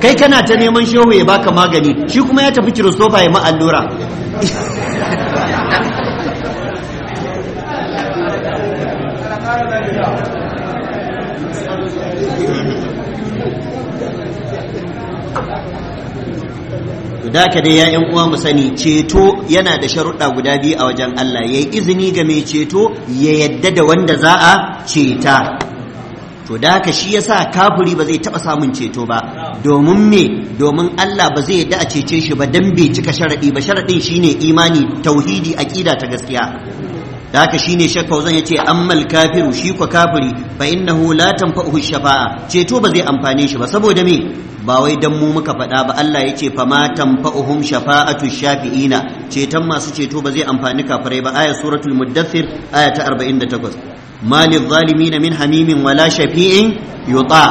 kai kana ta neman shehu ya baka magani shi kuma ya tafi kiristofa ya ma allura da ka dai ya yan uwa mu sani ceto yana da sharuɗa guda biyu a wajen Allah Ya yi izini ga mai ceto ya yadda da wanda za a ceta to da haka shi yasa kafuri ba zai taɓa samun ceto ba domin me domin Allah ba zai yadda a cece shi ba dan bai cika sharaɗi ba sharaɗin shine imani tauhidi aqida ta gaskiya da haka shine Sheikh Fauzan ce ammal kafiru shi kwa kafiri fa innahu la tanfa'uhu shafa'a ceto ba zai amfane shi ba saboda me ba wai dan mu muka faɗa ba Allah ce fa ma tanfa'uhum shafa'atu shafi'ina ceton masu ceto ba zai amfani kafirai ba aya suratul muddathir aya ta 48 Malam lil zalimin min hamimin wala shafi'in yuta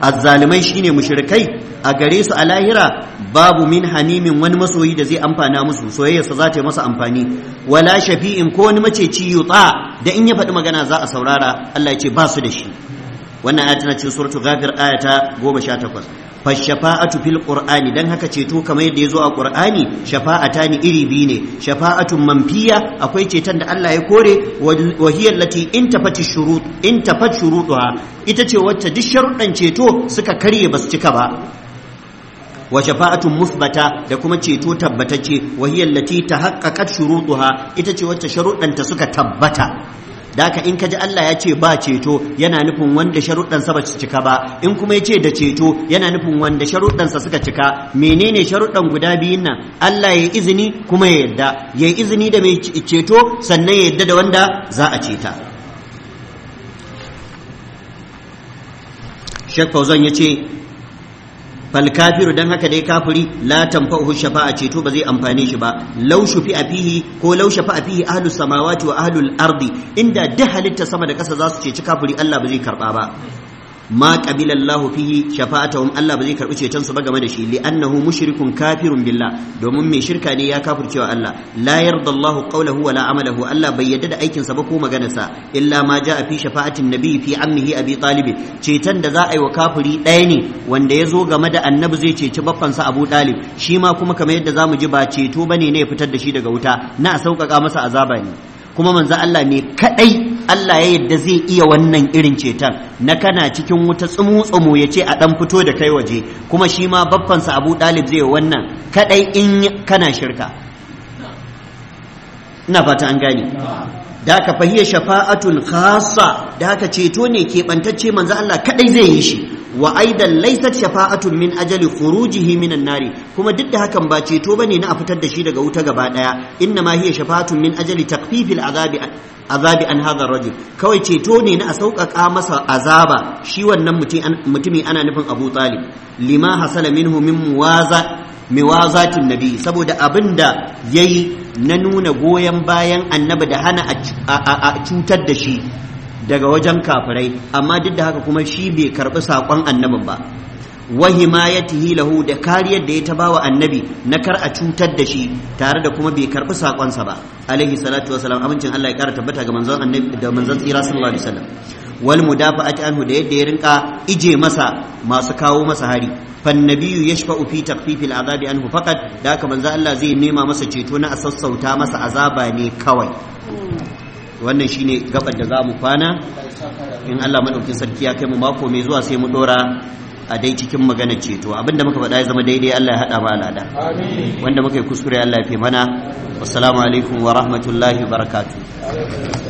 azzalimai shine mushrikai a gare su a lahira babu min hanimin wani masoyi da zai amfana musu soyayyarsa za ta yi masa amfani wala shafi'in ko wani mace ci yutsa da in ya faɗi magana za a saurara Allah ya ce ba su da shi wannan aya tana cikin suratul ghafir aya ta 18 fashafa'atu fil qur'ani dan haka ceto kamar yadda yazo a qur'ani ni iri biyu ne shafa'atun manfiya akwai ceton da Allah ya kore wa hiya allati intafat shurut intafat shurutuha ita ce wacce duk sharuɗan ceto suka karye basu cika ba wa shafa'atun musbata da kuma ceto tabbatacce wa hiya allati tahaqqaqat shurutuha ita ce wacce ta suka tabbata daka in in ji Allah ya ce ba ceto yana nufin wanda sharuɗansa ba su cika ba in kuma ya ce da ceto yana nufin wanda sharuɗansa suka cika menene sharuɗan guda biyun nan Allah ya izini kuma ya yadda ya izini da mai ceto sannan ya yadda da wanda za a ceta Sheikh Fauzan ya ce falkafiru don dan haka dai kafuri la tanfa'uhu shafa'a ceto ba zai amfane shi ba law shufi'a fihi ko law shafa'a fihi ahlu samawati wa ahlul ardi inda duk halitta sama da ƙasa za su ceci kafuri Allah ba zai karba ba ma qabila Allah fihi shafa'atuhum Allah ba zai karbi ceton su ba game da shi li'annahu mushrikun kafirun billah domin mai shirka ne ya kafircewa Allah la yarda Allah qawluhu wala amalahu Allah bai yarda da aikin sa ba ko maganar sa illa ma jaa fi shafa'atin nabi fi ammihi abi talib ceton da za a yi wa kafiri ɗaya ne wanda ya zo game da annabi zai ceci baffansa Abu Talib shi ma kuma kamar yadda zamu ji ba ceto bane ne ya fitar da shi daga wuta na sauƙaƙa masa azaba ne kuma manzo Allah ne kadai Allah ya yadda zai iya wannan irin ceton na kana cikin wuta tsumu tsumu ya ce a ɗan fito da kai waje kuma shi ma babbansa Abu ɗalib zai wannan Kaɗai in kana shirka ina fata an gane da ka fahiya shafa'atun hasa da haka ceto ne keɓantacce manzo Allah kadai zai yi shi wa aidan laysat shafa'atun min ajali khurujihi minan nari kuma duk da hakan ba ceto bane na a fitar da shi daga wuta gaba daya inna ma hiya shafa'atun min ajali takfifil azabi azabi an hadha rajul kawai ceto ne na a sauƙaƙa masa azaba shi wannan mutumi ana nufin Abu Talib lima hasala minhu min muwaza miwazatin nabi saboda abin da ya yi na nuna goyon bayan annabi da hana a cutar da shi daga wajen kafirai amma duk da haka kuma shi bai karɓi saƙon annabin ba wa himayatihi lahu da kariyar da ya ta bawa annabi na kar a cutar da shi tare da kuma bai karɓi saƙonsa ba alaihi salatu wasalam amincin Allah ya ƙara tabbata ga manzon annabi da manzon tsira sallallahu alaihi wasallam wal mudafa'ati anhu da yadda ya rinka ije masa masu kawo masa hari fannabiyu ya yashfa'u ufi takhfifil azabi anhu fakat da haka manzo Allah zai nema masa ceto na a sassauta masa azaba ne kawai wannan shine gabar da zamu kwana in Allah madaukin sarki ya kai mu mako mai zuwa sai mu dora a dai cikin magana ceto abinda muka faɗa ya zama daidai Allah ya haɗa mu alada wanda muka yi kuskure Allah ya fi mana assalamu alaikum wa rahmatullahi wa barakatuh